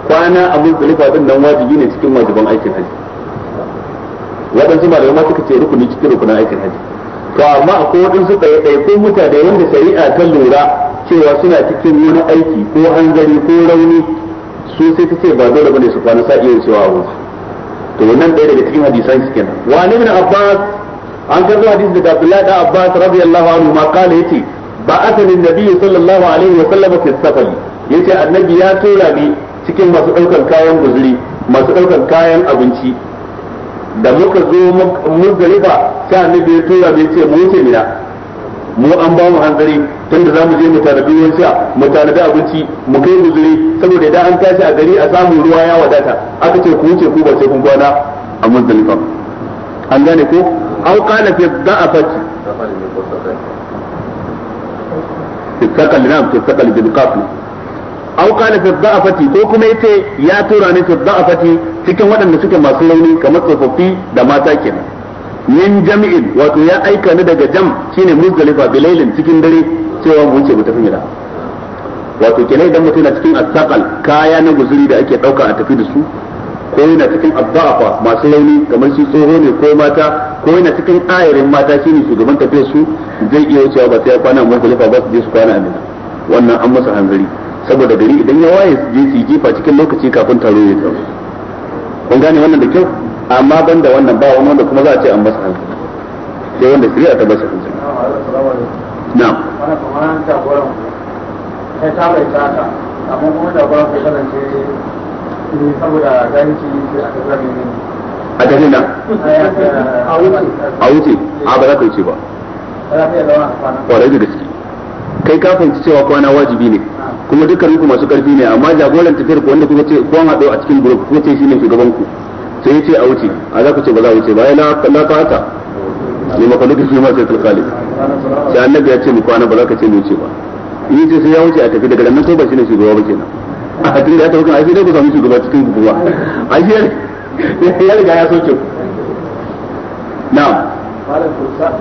kwana a muzdalifa din nan wajibi ne cikin wajiban aikin hajji waɗansu malamai ma suka ce rukuni cikin rukunin aikin haji to amma akwai waɗansu ɗaya ko mutane wanda shari'a ta lura cewa suna cikin wani aiki ko hanzari ko rauni su sai ta ce ba dole bane su kwana sa'i yin cewa abu to wannan ɗaya daga cikin hadisan su kenan wa ne min abbas an karɓi hadisi daga abdullahi da abbas radiyallahu anhu ma kala yace ba'athani nabiyyu sallallahu alaihi wa sallam fi safari yace annabi ya tura ni cikin masu ɗaukar kayan guzuri masu ɗaukar kayan abinci da muka zo muzdalifa sai annabi ya tura bai ce mu wuce mina mu an ba mu hanzari tunda za mu je mu tanadi ruwan sha mu tanadi abinci mu kai guzuri saboda idan an tashi a gari a samu ruwa ya wadata aka ce ku wuce ku ba sai kun gwana a muzdalifa an gane ko aw qala fi da'afati fi sakal na'am fi sakal bil qafli aw qala fi dha'afati ko kuma yace ya tura ni fi dha'afati cikin waɗanda suke masu launi kamar tsofaffi da mata kenan min jami'in wato ya aika ni daga jam shine muzdalifa bilailin cikin dare cewa mu ce mu tafi gida wato kenan idan mutum na cikin asaqal kaya na guzuri da ake dauka a tafi da su ko yana cikin abda'afa masu launi kamar shi tsoho ne ko mata ko yana cikin ayarin mata shine shugaban tafiyar su zai iya wucewa ba sai ya kwana muzdalifa ba su je su kwana a wannan an masa hanzari saboda gari idan ya waye su je su yi jifa cikin lokaci kafin taro ya taro kun gane wannan da kyau amma ban da wannan ba wani wanda kuma za a ce an basa hanzu sai wanda shari'a ta masa hanzu na sai ta bai taka amma kuma da ba ku kasance saboda sai ne a gani na a wuce a ba za ka ce ba kwarai da gaske kai ka fahimci cewa kwana wajibi ne kuma dukkan ku masu karfi ne amma jagoran tafiyar ku wanda kuka ce kuma haɗo a cikin group kuka ce shine shugaban ku sai ya ce a wuce a za ku ce ba za a wuce ba ya la ta'ata ne makaluki shi ma sai kalkali sai annabi ya ce mu kwana ba za ka ce mu wuce ba in ce sai ya wuce a tafi daga nan to ba shine shugaba ba kenan a hatin da ya tafi kan ai sai ku samu shugaba cikin ku kuma ai ya riga ya soke ku na'am malam to sa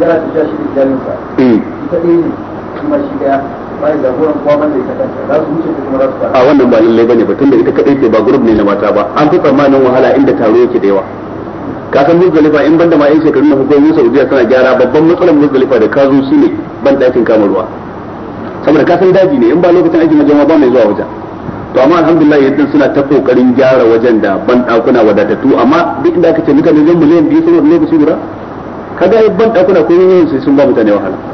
gara ta eh. shi da jalinsa ne shi daya da gurin kuma za su wuce kuma za su fara a wannan ba lallai bane ba tunda ita kadai ce ba group ne na mata ba an fi tsammanin wahala inda taro yake da yawa ka san muzdalifa in banda ma yan shekarun na hukumomin saudiya suna gyara babban matsalar muzdalifa da ka zo ne ban dakin kama ruwa saboda ka san daji ne in ba lokacin aikin na jama'a ba mai zuwa wajen to amma alhamdulillah yanzu suna ta kokarin gyara wajen da ban dakuna wadatattu amma duk inda aka ce mutane zan miliyan biyu saboda lokaci guda kaga ban dakuna ko yin sai sun ba mutane wahala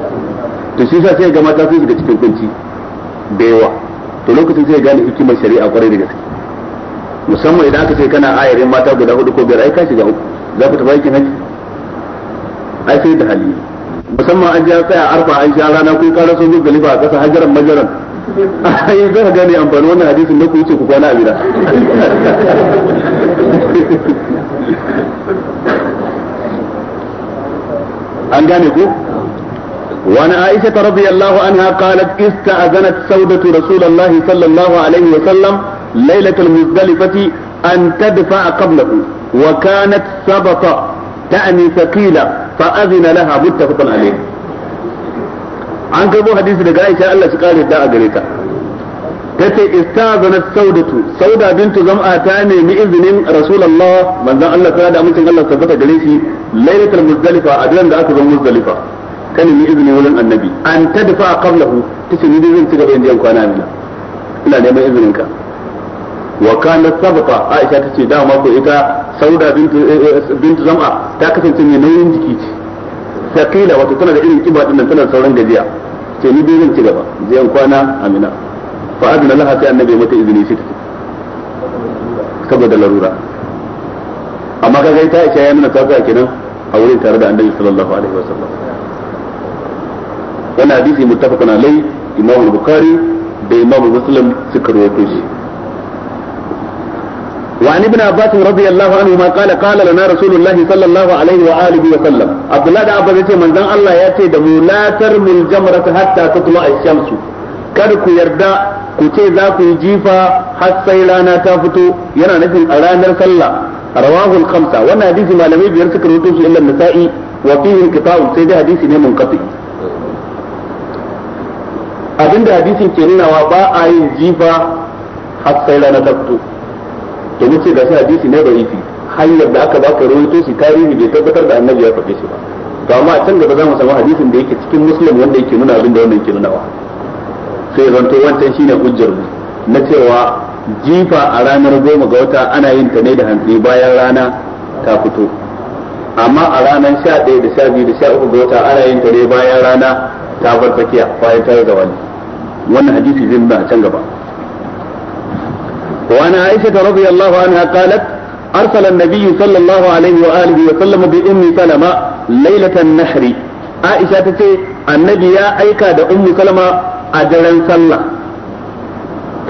to shi sa sai ga mata su daga cikin kunci da yawa to lokacin sai gane hikimar shari'a kwarai da gaske musamman idan aka ce kana ayarin mata guda hudu ko biyar ai ka shiga uku za ku tafi aikin haji ai sai da hali musamman an ja tsaya arfa an sha rana kun kara sun zuwa galiba a ƙasa hajaran majaran ai za ka gane amfani wannan hadisin da ku ce ku kwana a gida an gane ko وعن عائشة رضي الله عنها قالت استأذنت سودة رسول الله صلى الله عليه وسلم ليلة المزدلفة أن تدفع قبله وكانت سبط تعني ثقيلة فأذن لها متفق عليه an karbo hadisi daga Aisha Allah shi kare da a gare ta tace istazanat saudatu sauda bintu zam'a ta nemi izinin rasulullah manzon Allah sallallahu alaihi wasallam Allah tabbata gare shi lailatul muzdalifa a da aka zo muzdalifa ka nemi izini wurin annabi an ta dafa a qablahu tace ni dai zan ci gaba yanzu kwana mina ina neman izinin ka wa kana sabqa aisha tace dama ko ita sauda bintu eh, eh, eh, bintu zam'a ta kasance mai nauyin jiki ce sakila wato tana da irin kiba din tana sauran gajiya ce ni dai zan ci gaba zai kwana amina fa adna laha ta annabi mata izini shi tace saboda larura amma kaga ita aisha ya nuna ta kenan a wurin tare da annabi sallallahu alaihi wasallam wannan hadisi muttafaqun alai imamu bukhari da imamu muslim suka rawaito shi وعن ابن عباس رضي الله عنهما قال قال لنا رسول الله sallallahu alaihi عليه واله وسلم عبد الله بن عباس yace manzon Allah yace da mu la tarmil jamrata hatta tatla ash-shams kada ku yarda ku ce za ku yi jifa har sai rana ta fito yana nufin a ranar sallah rawahu al-khamsa wannan hadisi malamai biyar suka rubuto shi illa nasa'i wa fihi al sai dai hadisi ne munqati' abinda hadisin ke nunawa ba a yin jifa har sai rana ta to mun ce shi hadisi ne da yifi hanyar da aka baka rawaito shi tarihi bai tabbatar da annabi ya faɗe shi ba to amma can gaba za mu samu hadisin da yake cikin muslim wanda yake nuna abin da wannan yake nunawa sai zanto wancan shine hujjar mu na cewa jifa a ranar goma ga wata ana yin ta ne da hantsi bayan rana ta fito amma a ranar sha ɗaya da sha biyu da sha uku ga wata ana yin ta ne bayan rana ta bar tsakiya bayan tare da wani. wannan hadisi zai nuna a can gaba wa ana aisha radiyallahu anha qalat arsala an-nabiy sallallahu alaihi wa alihi wa sallama bi ummi salama lailatan nahri aisha tace annabi ya aika da ummi salama a daren sallah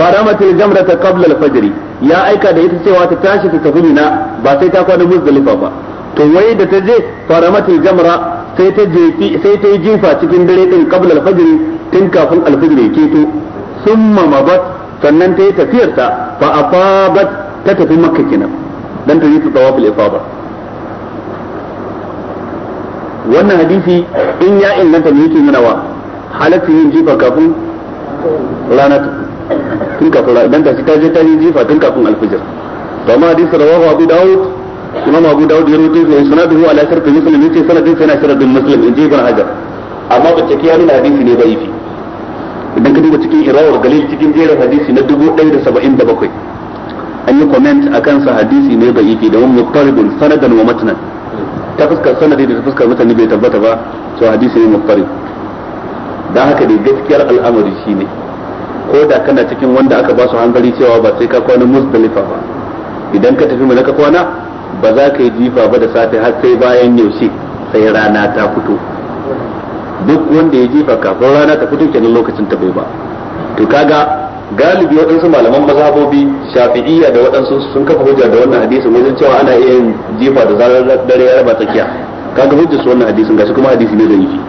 faramatil jamrata qabla al-fajr ya aika da ita cewa ta tashi ta tafi mina ba sai ta kwana muzdalifa ba to wai da ta je faramatil jamra sai ta jefi sai ta jifa cikin dare din qabla al-fajr tun kafin alfijir ya keto summa mabat sannan ta yi tafiyarta fa a afabat ta tafi makka kenan dan ta yi tawaful ifada wannan hadisi in ya inganta ne yake nuna wa halatta yin jifa kafin rana tun kafin rana idan ta ta je ta yi jifa tun kafin alfijir to amma hadisi rawahu abu daud imam abu dawud ya rubuta shi sanaduhu ala shartu muslim yace sanadin sa yana sharadin muslim inji ibn hajar amma ba take yana hadisi ne ba fi. idan ka duba cikin irawar galil cikin jerin hadisi na dubu da da saba'in bakwai an yi comment a kansa hadisi ne da ifi da wani muktaribin sanadan wa matanan ta fuskar sanadi da ta fuskar mutane bai tabbata ba to hadisi ne muktarib dan haka ne gaskiyar al'amari shi ne ko da kana cikin wanda aka ba su hanzari cewa ba sai ka kwana musdalifa ba idan ka tafi mana ka kwana ba za ka yi jifa ba da safe har sai bayan yaushe sai rana ta fito duk wanda ya jefa kafin rana ta fito kenan lokacin ta bai ba to kaga galibi waɗansu malaman mazhabobi shafi'iyya da waɗansu sun kafa hujja da wannan hadisin wajen cewa ana iya yin jifa da zarar dare ya raba tsakiya kaga hujja su wannan hadisin gashi kuma hadisi ne zai yi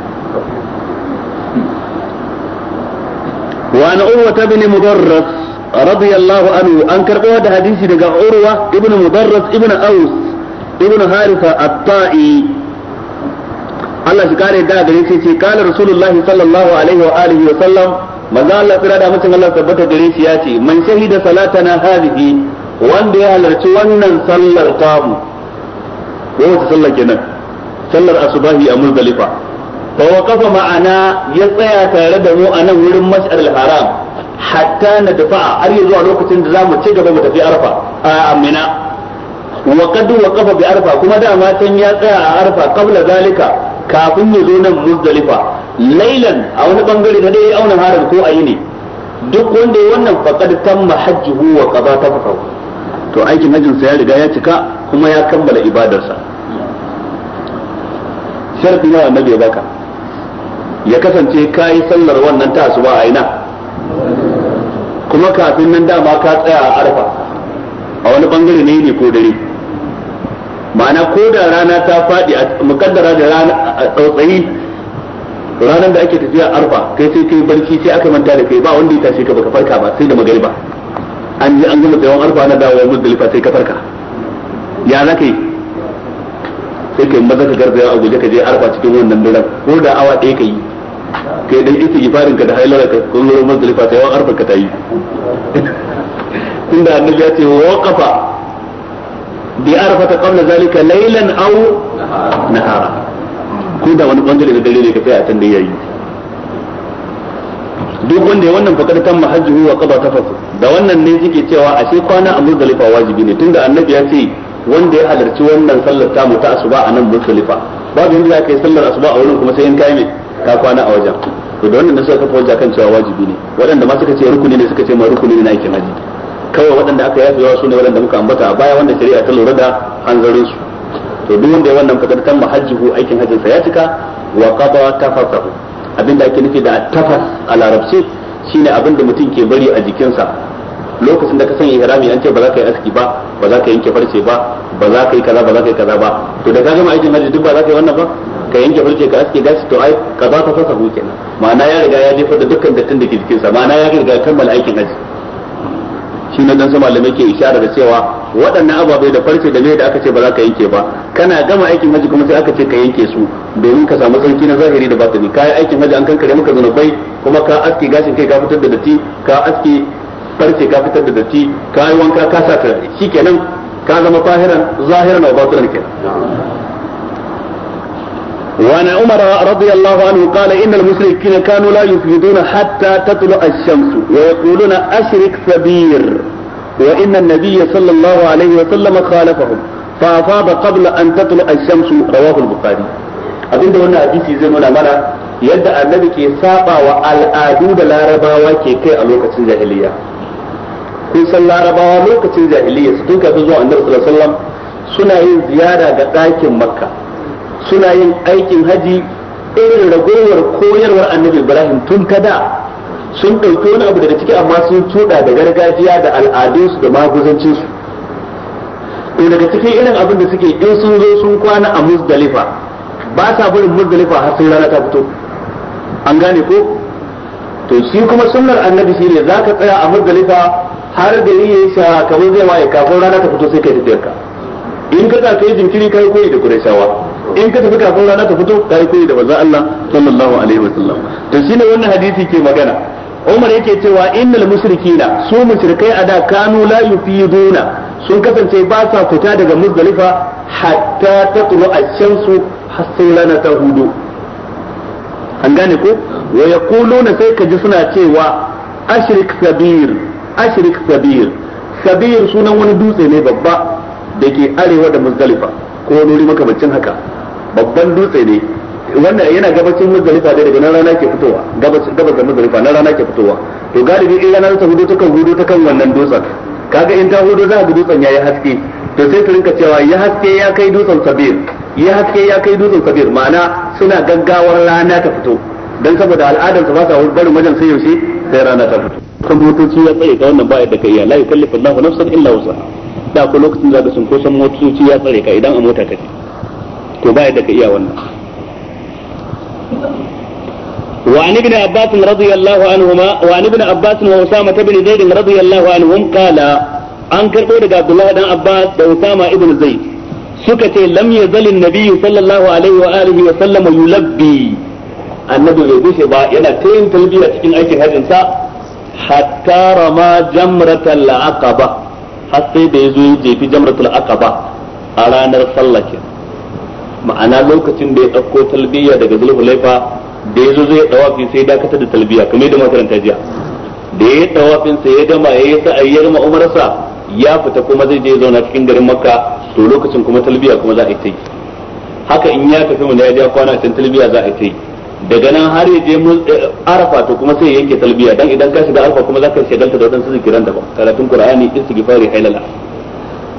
وعن عروة بن مدرس رضي الله عنه أنكر قوة حديث عروة ابن مدرس ابن أوس ابن حارثة الطائي Allah shi kare da gare shi ce kana rasulullahi sallallahu alaihi wa alihi wa sallam manzo Allah tsira da mutun Allah tabbata gare shi ya ce man shahida salatana hadhihi wanda ya halarci wannan sallar tamu ko wata sallar kenan sallar asubahi a muzdalifa fa waqafa ma'ana ya tsaya tare da mu a nan wurin mas'al haram hatta na dafa'a har yanzu a lokacin da zamu ci gaba mu tafi arfa a amina wa qad waqafa bi arfa kuma da ma can ya tsaya a arfa qabla zalika kafin ya zo nan muzdalifa lailan a wani bangare na dai auna haram ko ayi ne duk wanda ya wannan faqad tamma hajjuhu wa qada tafahu to aikin hajjin sa ya riga ya cika kuma ya kammala ibadarsa sharadi na annabi ya baka ya kasance kai sallar wannan ta asuba a ina kuma kafin nan dama ka tsaya a arfa a wani bangare ne ne ko dare ma'ana ko da rana ta faɗi a mukaddara da rana a tsautsayi ranar da ake tafiya arfa kai sai kai barci sai aka manta da kai ba wanda ya tashi ka baka farka ba sai da magariba an ji an gama tsayon arfa na dawowa muzdalifa sai ka farka ya za ka yi sai kai maza ka garzaya a guje ka je arfa cikin wannan daren ko da awa ɗaya ka yi kai dan ita gifarin ka da hailar ka kun zo muzdalifa sai wa arfa ka ta yi tunda annabi ya ce waqafa bi قبل ذلك zalika أو نهارا كودا ونقنجل da wani bangare da dare ne a duk wanda ya wannan fakar kan mahajjuhu wa qada tafasu da wannan ne suke cewa ashe kwana a muzdalifa wajibi ne tunda annabi ya ce wanda ya halarci wannan sallar ta ta asuba a nan muzdalifa babu yanda zaka yi sallar asuba a wurin kuma sai in kai me ka kwana a wajen to da wannan ne suka kafa wajen kan cewa wajibi ne waɗanda ma suka ce rukuni ne suka ce ma rukuni ne na aikin haji kawai waɗanda aka yafe yawa su ne waɗanda muka ambata a baya wanda shari'a ta lura da hanzarin su to duk wanda ya wannan fakar kan mahajjihu aikin hajjin sa ya cika wa qada tafasahu abinda ake nufi da tafas a larabci shine abinda mutum ke bari a jikinsa lokacin da ka sanya ihrami an ce ba za ka yi aski ba ba za ka yanke farce ba ba za ka yi kaza ba za ka yi kaza ba to da ka gama aikin hajji duk ba za ka yi wannan ba ka yanke farce ka aske gashi to ai kaza ka fasa kenan ma'ana ya riga ya jefar da dukkan dattin da ke jikinsa ma'ana ya riga kammala aikin hajji shi na dan sama malamai ke ishara da cewa waɗannan ababai da farce da mai da aka ce ba za ka yanke ba kana gama aikin haji kuma sai aka ce ka yanke su domin ka samu sarki na zahiri da batini yi aikin haji an kankare maka zanubai kuma ka aske gashin kai ka fitar da datti ka aske farce ka fitar da datti ka yi wanka ka sa shi kenan ka zama fahiran zahiran wa batunan kenan وعن عمر رضي الله عنه قال إن المشركين كانوا لا يفيدون حتى تطلع الشمس ويقولون أشرك سبير وإن النبي صلى الله عليه وسلم خالفهم فأفاض قبل أن تطلع الشمس رواه البخاري abinda wannan hadisi zai nuna mana yadda annabi ke saba wa al'adu da larabawa ke kai a lokacin jahiliya kun larabawa lokacin jahiliya su tun kafin zuwa annabi sallallahu alaihi wasallam suna yin ziyara ga ɗakin makka suna yin aikin haji irin ragowar koyarwar annabi ibrahim tun ta da sun ɗauki wani abu daga ciki amma sun tuɗa da gargajiya da al'adunsu da maguzancinsu to daga cikin irin abin da suke in sun zo sun kwana a muzdalifa ba sa barin muzdalifa har sai rana ta fito an gane ko to shi kuma sunnar annabi shine zaka tsaya a muzdalifa har da yi sha kamar zai waye kafin rana ta fito sai kai tafiyarka in ka za ka yi jinkiri kai koyi da shawa? in ka tafi kafin rana ta fito ka yi koyi da manzon Allah sallallahu alaihi wasallam to shine wannan hadisi ke magana Umar yake cewa innal musrikina su musrikai ada kanu la yufiduna sun kasance ba sa fita daga muzdalifa hatta tatlu ash-shamsu har sai rana ta hudu an gane ko wa yaquluna sai ka ji suna cewa ashrik sabir ashrik sabir sabir sunan wani dutse ne babba da ke arewa da muzdalifa ko wani wuri makamancin haka babban dutse ne wannan yana gabacin muzdalifa da daga nan rana ke fitowa gabas da muzdalifa nan rana ke fitowa to galibi in rana ta hudu takan hudu ta kan wannan dutsen kaga in ta hudu za ga dutsen yayi haske to sai su rinka cewa ya haske ya kai dutsen sabir ya haske ya kai dutsen sabir ma'ana suna gaggawar rana ta fito dan saboda al'adar su ba sa barin wajen sai yaushe sai rana ta fito kan motoci ya tsare ta wannan ba'i da ka ya la yukallifu Allahu nafsan illa wusaha da ku lokacin da sun san motoci ya tsare ka idan a mota kake to ba yadda ka iya wannan وعن ابن عباس رضي الله عنهما وعن ابن عباس وأسامة بن زيد رضي الله عنهم قال an karɓo daga Abdullah dan Abbas da Usama ibn Zaid suka ce lam zalin annabi sallallahu alaihi wa alihi wa sallam yulabbi annabi bai bushe ba yana ta yin talbiya cikin aikin hajinsa sa hatta rama jamratal aqaba har sai da zo ya jefi jamratul aqaba a ranar sallah ma'ana lokacin da ya ɗauko talbiya daga zulhulaifa da ya zo zai ɗawafi sai dakatar da talbiya kamar yadda da ta jiya da ya ɗawafin dawafin sai ya gama ya yi sa'ayi ya umarsa ya fita kuma zai je zauna cikin garin makka to lokacin kuma talbiya kuma za a yi ta yi haka in ya tafi mu ya ja kwana can talbiya za a yi ta yi daga nan har ya je eh, arafa to kuma sai yanke talbiya dan idan ka shiga arafa kuma za ka shagalta da wadansu zikiran daban karatun qur'ani istighfari hailala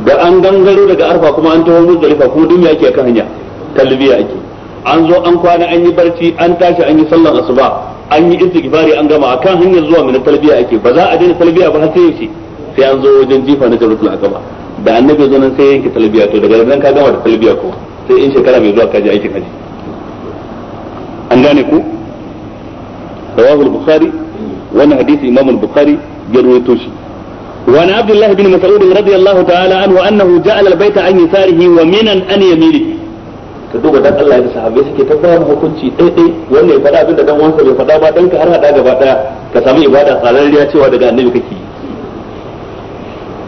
da an gangaro daga arafa kuma an taho muzdalifa kuma duniya ke kan hanya talbiya ake an zo an kwana an yi barci an tashi an yi sallar asuba an yi istighfari an gama akan hanyar zuwa mina talbiya ake ba za a daina talbiya ba har sai yaushe sai an zo wajen jifa na jarutul akaba da annabi zo nan sai yanke talbiya to daga nan ka gama da talbiya ko sai in shekara mai zuwa ka je aikin haji an gane ku rawahu al-bukhari wannan hadisi imam al-bukhari ya rawaito shi وعن عبد الله بن مسعود رضي الله تعالى عنه أنه جعل البيت عن يساره ومنا عن يمينه ka duba dan Allah ya sahabbai suke ta bayan hukunci daidai wanda ya faɗa abin da dan wansa bai faɗa ba dan ka har hada gaba daya ka samu ibada tsararriya cewa daga annabi kake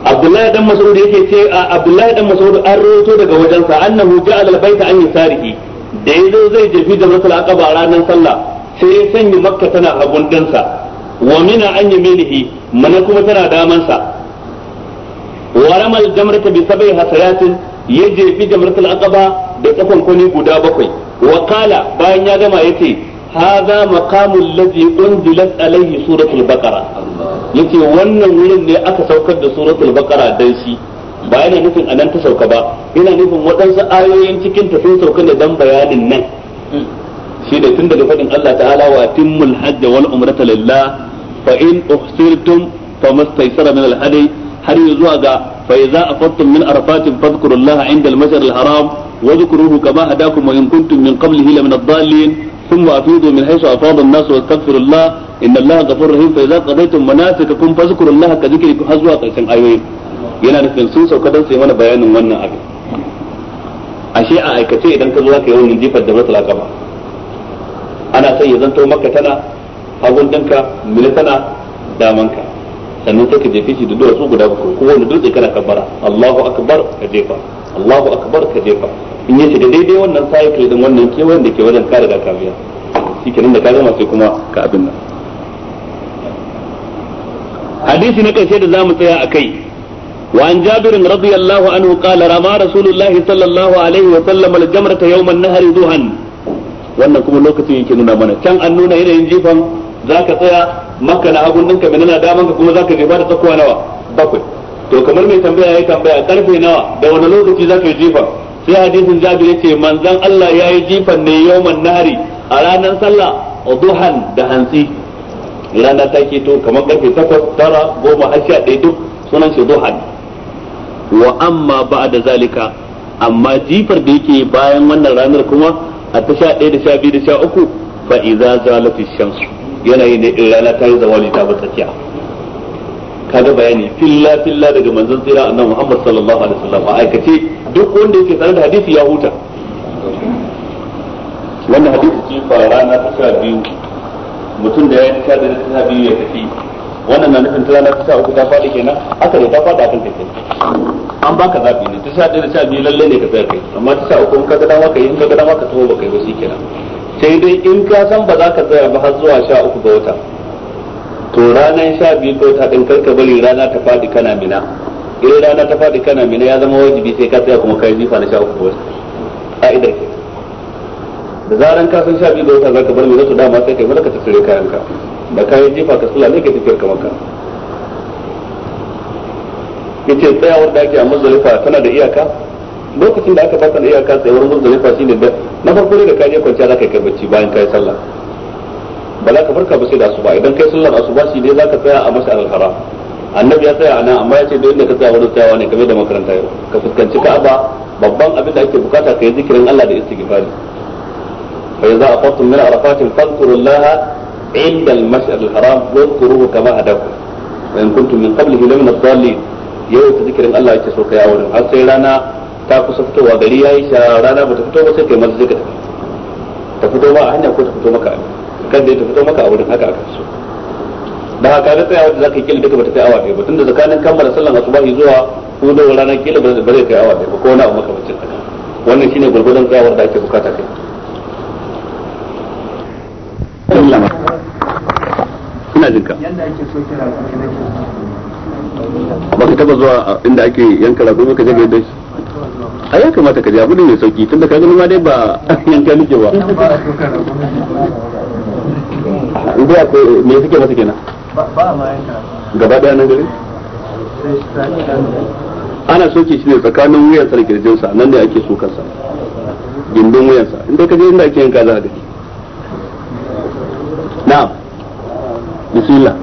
Abdullahi dan Mas'ud yake ce a Abdullahi dan Mas'ud an roto daga wajensa annahu ja'ala al-baita an yasarihi da yazo zai jefi da rasul aqaba ranar sallah sai ya sanya makka tana hagun dinsa wa mina an yamilihi mana kuma tana damansa wa ramal jamrata bi sabai hasayatin ya jefi jamratul aqaba da kafan kwani guda bakwai wa kala bayan ya gama yace haza maqamul ladhi unzilat alaihi suratul baqara yace wannan wurin ne aka saukar da suratul baqara dan shi ba yana nufin anan ta sauka ba yana nufin waɗansu ayoyin cikin ta sun sauka ne dan bayanin nan shi da tun daga fadin Allah ta'ala wa timmul hajj wal umrata lillah fa in uhsirtum famastaysara min al hadi har zuwa ga fa idza afattum min arafatin fadhkurullaha 'inda al-mash'ar al-haram wadhkuruhu kama hadakum wa in kuntum min qablihi lamin ad-dallin ثم أفيضوا من حيث أفاض الناس واستغفروا الله إن الله غفور رحيم فإذا قضيتم مناسككم فاذكروا الله كذكركم حزوا قيسن أيوين yana nufin sun sauka don sai mana bayanin wannan abin ashe a aikace idan ka zo ka yi wannan jifar da masala gaba ana son ya zanto maka tana hagun ɗinka mili tana damanka sannan sai ka jefe shi da duwatsu guda bakwai ko wani dutse kana kabbara Allahu akbar ka jefa Allahu akbar ka jefa in ya shiga daidai wannan cycle din wannan kewayen da ke wajen ka riga ka biya shikenan da ka gama sai kuma ka abin nan hadisi na karshe da zamu tsaya a kai وعن جابر رضي الله عنه قال رمى رسول الله صلى الله عليه وسلم الجمرة يوم النهر ذوها wannan kuma lokacin yake nuna mana can an nuna yanayin jifan za ka tsaya maka na abun ninka mai nana daman ka kuma ka jefa da tsakuwa nawa bakwai to kamar mai tambaya ya tambaya karfe nawa da wani lokaci zaka yi jifa sai hadisin jabir ce manzan Allah ya yi jifan ne yawman nahari a ranar sallah duhan da hantsi rana ta keto kamar karfe takwas tara goma har sha ɗaya duk sunan shi duhan wa amma da zalika amma jifar da yake bayan wannan ranar kuma a ta sha ɗaya da sha biyu da sha uku fa iza zalatish shamsu yanayi ne in rana ta yi zawali ta bi tsakiya kaga bayani filla filla daga manzon tsira annabi Muhammad sallallahu alaihi wasallam a aikace duk wanda yake sanar da hadisi ya huta wannan hadisi ce fara rana ta sha biyu mutum da ya yi da ta sha biyu ya tafi wannan na nufin rana ta sha uku ta faɗi kenan aka da ta faɗi akan kai an baka zabi ne ta sha da ta sha biyu lalle ne ka tsaya kai amma ta sha uku in ka ga dama ka yi in ka ga dama ka taho ba kai ba shi kenan sai dai in ka san ba za ka tsaya ba har zuwa sha uku ga wata to ranar sha biyu ko ta ɗinkar ka bari rana ta faɗi kana mina in rana ta faɗi kana mina ya zama wajibi sai ka tsaya kuma kai jifa na sha uku ga wata ka'idar ke da zaran ka san sha biyu ga wata za ka bar mina to dama sai kai malaka ta tsire kayan ka da kayan jifa ka sula ne ka tafiyar kamar ka ce tsayawar da ake a mazalifa tana da iyaka lokacin da aka baka da iyaka tsayawar shi ne na farko da ka je kwanciya za ka kai bacci bayan kai sallah ba za ka farka ba sai da asuba idan kai sallar asuba shi ne za ka tsaya a masa al-haram annabi ya tsaya ana amma ya ce dole ka tsaya wurin tsayawa ne kamar da makaranta yau ka fuskanci ka'aba babban abin da ake bukata ka yi zikirin Allah da istighfari fa idza aqamtum min arafatin fadhkurullaha inda al masjid al-haram wadhkuruhu kama hadaku wa in kuntum min qablihi lamin ad-dallin yau zikirin Allah yake so ka yawo har sai rana ta kusa fitowa gari yi sha rana ba ta fito ba sai kai maza zai ka ta fito ma a hanya ko ta fito maka a kan da ta fito maka a wurin haka aka so da haka tsaya tsayawa za ka yi kila duka ta kai awa ɗaya ba tunda tsakanin kammala sallan asubahi zuwa hudowar rana kila ba zai kai awa ɗaya ba ko wani abu makamancin haka wannan shine gwargwadon tsayawar da ake bukata kai ina ba ka taba zuwa inda ake yanka ba ka je gaida shi a ya kamata ka je abu ne mai sauki tunda ka gani ma dai ba yanka nake ba idan akwai me suke masa kenan ba ma yanka gaba daya nan gari ana soke shi ne tsakanin wuyansa da sa nan ne ake sokansa gindin wuyansa inda ka je inda ake yanka za ka gani na'am bismillah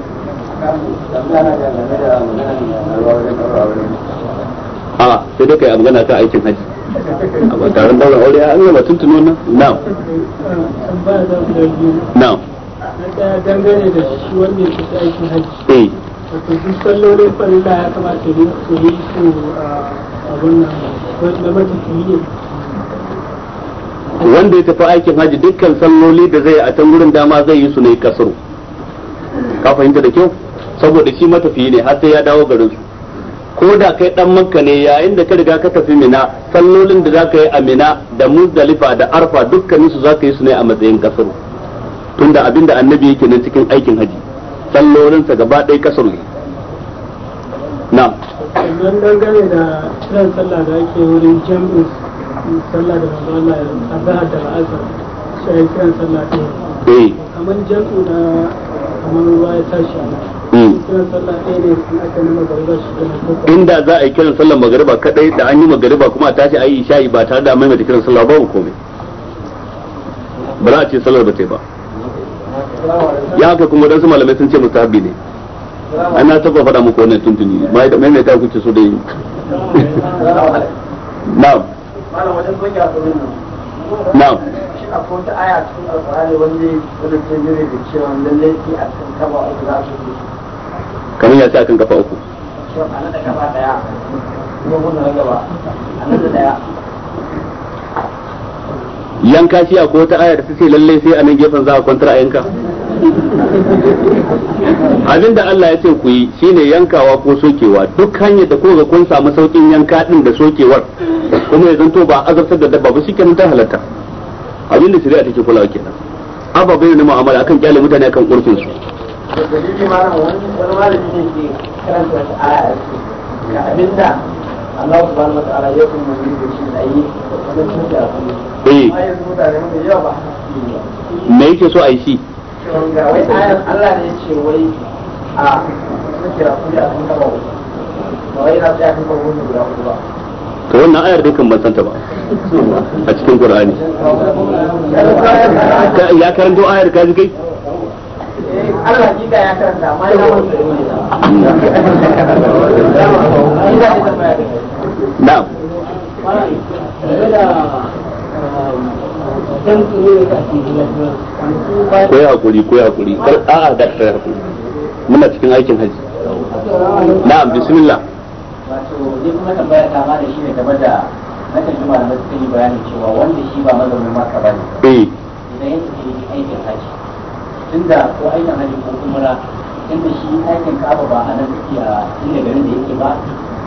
sai dai kai a magana ta aikin haji amma taron daura aure an yi batun tuno nan na'am na'am dangane da shi wanda ya fita aikin haji eh. wato duk sallolin farilla ya kamata ne su yi su abun nan na matafiyi wanda ya tafi aikin haji dukkan salloli da zai a can gurin dama zai yi su ne kasuru ka fahimta da kyau saboda shi matafiyi ne har sai ya dawo garin su ko da kai dan makka ne yayin da ka riga ka tafi mina sallolin da zaka yi a mina da muzdalifa da arfa dukkanin su zaka yi su ne a matsayin kasar tunda abinda annabi yake nan cikin aikin haji sallolin sa gaba ɗaya kasar ne na sannan dangane da kiran sallah da ake wurin jami'in sallah da mazala a zahar da la'asar shi kiran sallah ta kamar jami'u da kamar ruwa ya tashi a Hmm. inda za a yi kiran sallar magariba kadai da an yi magariba kuma a tashi a yi isha'i ba tare da maimaita kiran sallah babu komai ba za a ce sallar ba ta ba ya haka kuma wadansu malamai sun ce musabi ne an na taba faɗa muku wannan tuntuni mai da maimaita kuke so da yi na'am na'am akwai wata aya cikin alkurani wanda ya ta jire da cewa lallai a kan kaba a kamar ya sa kan kafa uku yanka shi a kota aya da sai lallai sai a nan gefen za a kwantar a yanka abin da Allah ya ce ku yi shine yankawa ko sokewa duk hanyar da koga kun samu saukin yanka din da sokewar kuma ya zanto ba azabtar da dabba ba shi kenan ta halatta abin da shari'a take kulawa kenan ababai ne mu'amala akan kyale mutane akan kurfin su da dalili malam wani wani ke karanta wata a ciki ga abinda Allah subhanahu ya me yake so a yi shi ga wai ayan Allah ne ce wai a kira ku ya ba wai na ta wani ku ba ayar dai kan ban santa ba a cikin Qur'ani ya karanto ayar ji kai Allah hakika ya karanta ko ya hakuri ko ya hakuri kar da ta hakuri muna cikin aikin haji na'am bismillah wato duk kuma tambaya ta ma da shi ne game da na cewa wanda shi ba mazaunin maka ba eh. idan ya aikin haji inda ko aikin hajji ko umra inda shi aikin kaba ba a nan suke a inda garin da yake ba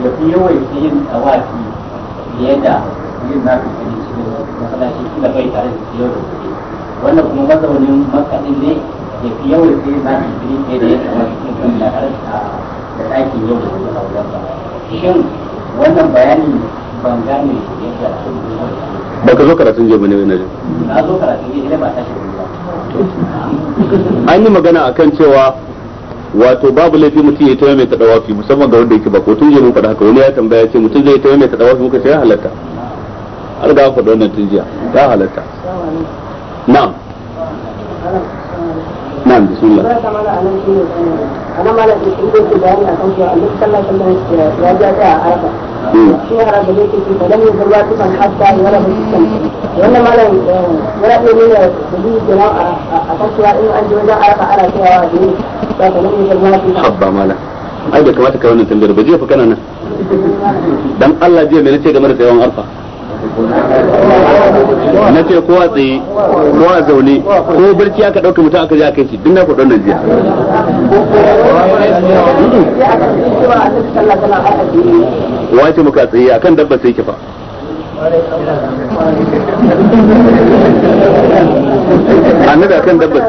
ya fi yawai yawaita yin tawafi fiye da yin na fi shi da cikin shi kila bai tare da fiye da gobe wanda kuma mazaunin makaɗin ne ya fi yawai yawaita yin na fi cikin fiye da yin tawafi cikin da tare da ɗakin yau da kuma a wajen ba shin wannan bayani ban gane yadda sun baka zo karatun jiya ba ne na zo karatun jiya ne ba tashi ba an yi magana akan cewa wato babu laifi mutum ya yi mai wafi musamman ga wanda yake bako tun jiya mun faɗa haka wani ya tambaya ce mutum zai yi mai tadawafi muka ce ya halatta al'adu ga faɗa wannan tun jiya ya halatta na'am na'am bismillah ana mala da shi da ke bayani akan cewa Allah sallallahu alaihi wasallam ya ja ta arafa na akan ba ta ka wannan tambayar jiya fa kana dan Allah jiya me nace game da yawan arfa na ce ko a tsaye ko a zaune ko barci aka ɗauka mutum aka je kai yi shi duk na faɗo na jiya wace muka tsaye akan dabba sai kifa annabi akan dabba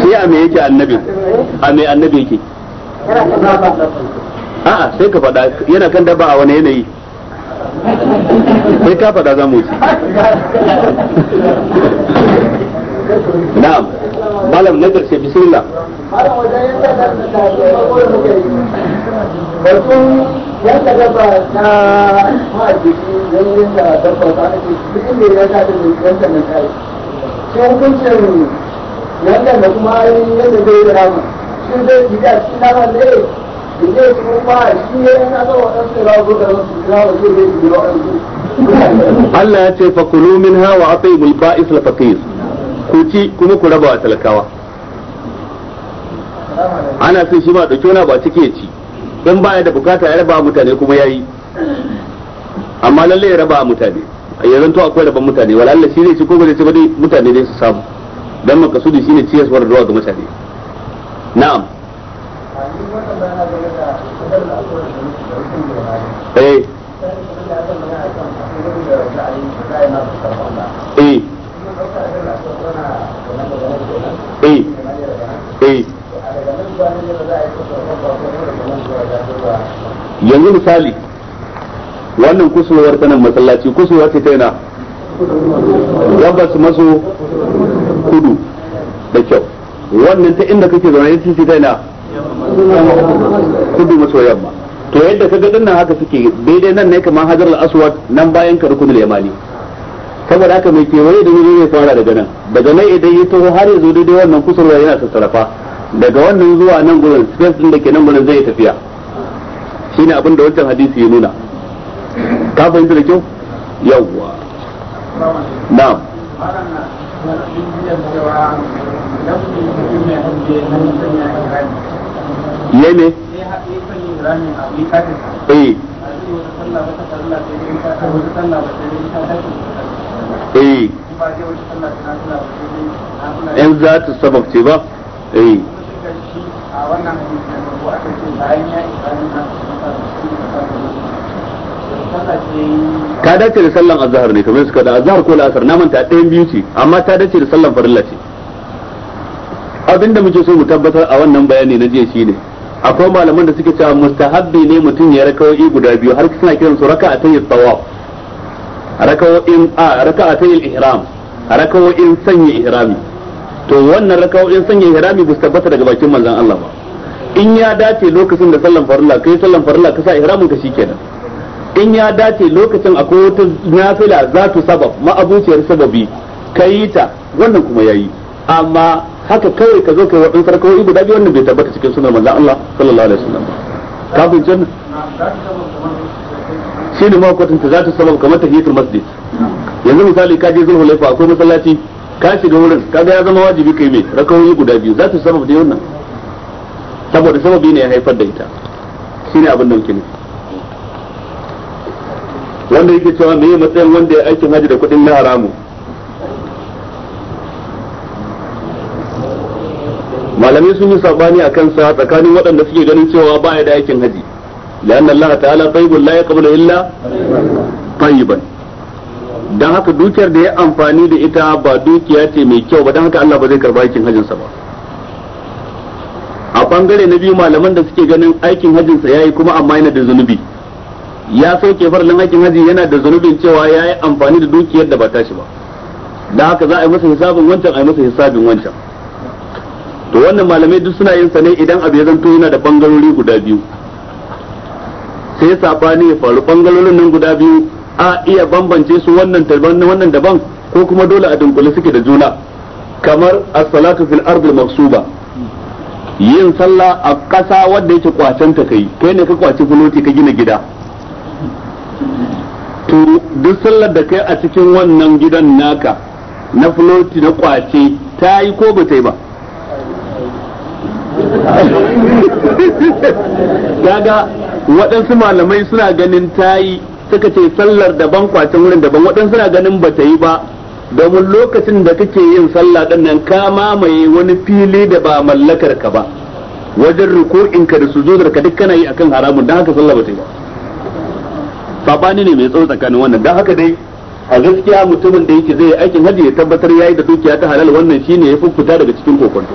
sai a me yake annabi a me annabi yake a'a sai ka faɗa yana kan dabba a wani yanayi sai ka faɗa za mu ci na'am malam na ƙarshe bismillah malam wajen yanka da ta ko ko ba yanka dabba ta ma'ajiki don yanka dabba ta ake duk inda ya ta ta yanka na kai shi hukuncin yanda da kuma yanka da ya rama shi zai gida cikin nama ne yi da su da Allah ya ce fakulu min hawa a mul bulba isla fakir ku ci kuma ku raba wa talakawa ana son shi ma dauki wani ba cike ya ci don ba da bukata ya raba mutane kuma ya yi amma lalle ya raba mutane ya zanto akwai raban mutane wala Allah shi zai ci kuma zai ci ba dai mutane ne su samu dan makasudi shine ciyaswar ruwa ga mutane na'am Eh. Eh. Eh. yanzu misali wannan kusurwar ta masallaci kusurwar ta yana gabas maso kudu da kyau wannan ta inda kake zama ita ta yana kudu maso yamma to yadda ka gadin nan haka suke daidai nan ne kamar hajar al nan bayan ka rukunin yamani saboda haka mai kewaye da wuri ne fara daga nan daga nan idan ya taho har ya zo daidai wannan kusurwa yana sassarafa daga wannan zuwa nan gurin space din da ke nan gurin zai tafiya shine abin da wancan hadisi ya nuna ka fahimta da kyau yawwa na'am cewa ya ne eh eh yan za ta sababce ba eh ta dace da sallan azhar ne kamar suka da azhar ko la'asar na manta ɗayan biyu ce amma ta dace da sallan farilla ce abinda muke so mu tabbatar a wannan bayani na jiya shine akwai malaman da suke cewa mustahabbi ne mutum ya raka'o'i guda biyu har suna kiran su raka'atan tawaf raka'o'in a raka'atan ihram raka'o'in sanya ihrami to wannan raka'o'in sanya ihrami ba su tabbata daga bakin manzon Allah ba in ya dace lokacin da sallan farilla kai sallan farilla ka sa ihramin ka shikenan in ya dace lokacin akwai wata nafila ta sabab ma abuciyar sababi kai ta wannan kuma yayi amma haka kai ka zo kai wa ɗansar kawai guda biyu wannan bai tabbata cikin sunan manzon Allah sallallahu alaihi wasallam ka fi janna shi ne makwatan ta zata sabab kamar tahiyatul masjid yanzu misali ka je zuwa laifa akwai masallaci ka shiga wurin ga ya zama wajibi kai mai rakawoyi guda biyu zata sabab da wannan saboda sababi ne ya haifar da ita ne abin da muke nufi wanda yake cewa me matsayin wanda ya aikin haji da kuɗin na haramu malamai sun yi sabani a kansa tsakanin waɗanda suke ganin cewa ba ya da aikin haji لأن الله تعالى طيب لا يقبل illa طيبا dan haka dukiyar da ya amfani da ita ba dukiya ce mai kyau ba dan haka Allah ba zai karba aikin hajinsa ba a bangare na biyu malaman da suke ganin aikin ya yayi kuma amma yana da zunubi ya sauke farlan aikin haji yana da zunubin cewa ya yi amfani da dukiyar da ba tashi ba da haka za a yi masa hisabin wancan a yi masa hisabin wancan to wannan malamai duk suna yin sa ne idan abu ya zanto yana da bangarori guda biyu sai sabani ya faru bangarorin nan guda biyu a iya bambance su wannan daban wannan daban ko kuma dole a dunkule suke da juna kamar as-salatu fil ardi maksuba yin sallah a ƙasa wadda yake kwacen ta kai kai ne ka kwaci fuloti ka gina gida to duk sallar da kai a cikin wannan gidan naka na fuloti na kwace ta yi ko ba yi ba kaga waɗansu malamai suna ganin ta yi suka ce sallar daban kwacin wurin daban waɗansu suna ganin ba ta yi ba domin lokacin da kake yin sallah din nan ka mamaye wani fili da ba mallakar ka ba wajen ruku'in ka da sujudar ka duk kana yi akan haramun dan haka sallah ta yi ba ne mai tsawo tsakanin wannan dan haka dai a gaskiya mutumin da yake zai aikin hajji ya tabbatar yayi da dukiya ta halal wannan shine ya fita daga cikin kokonto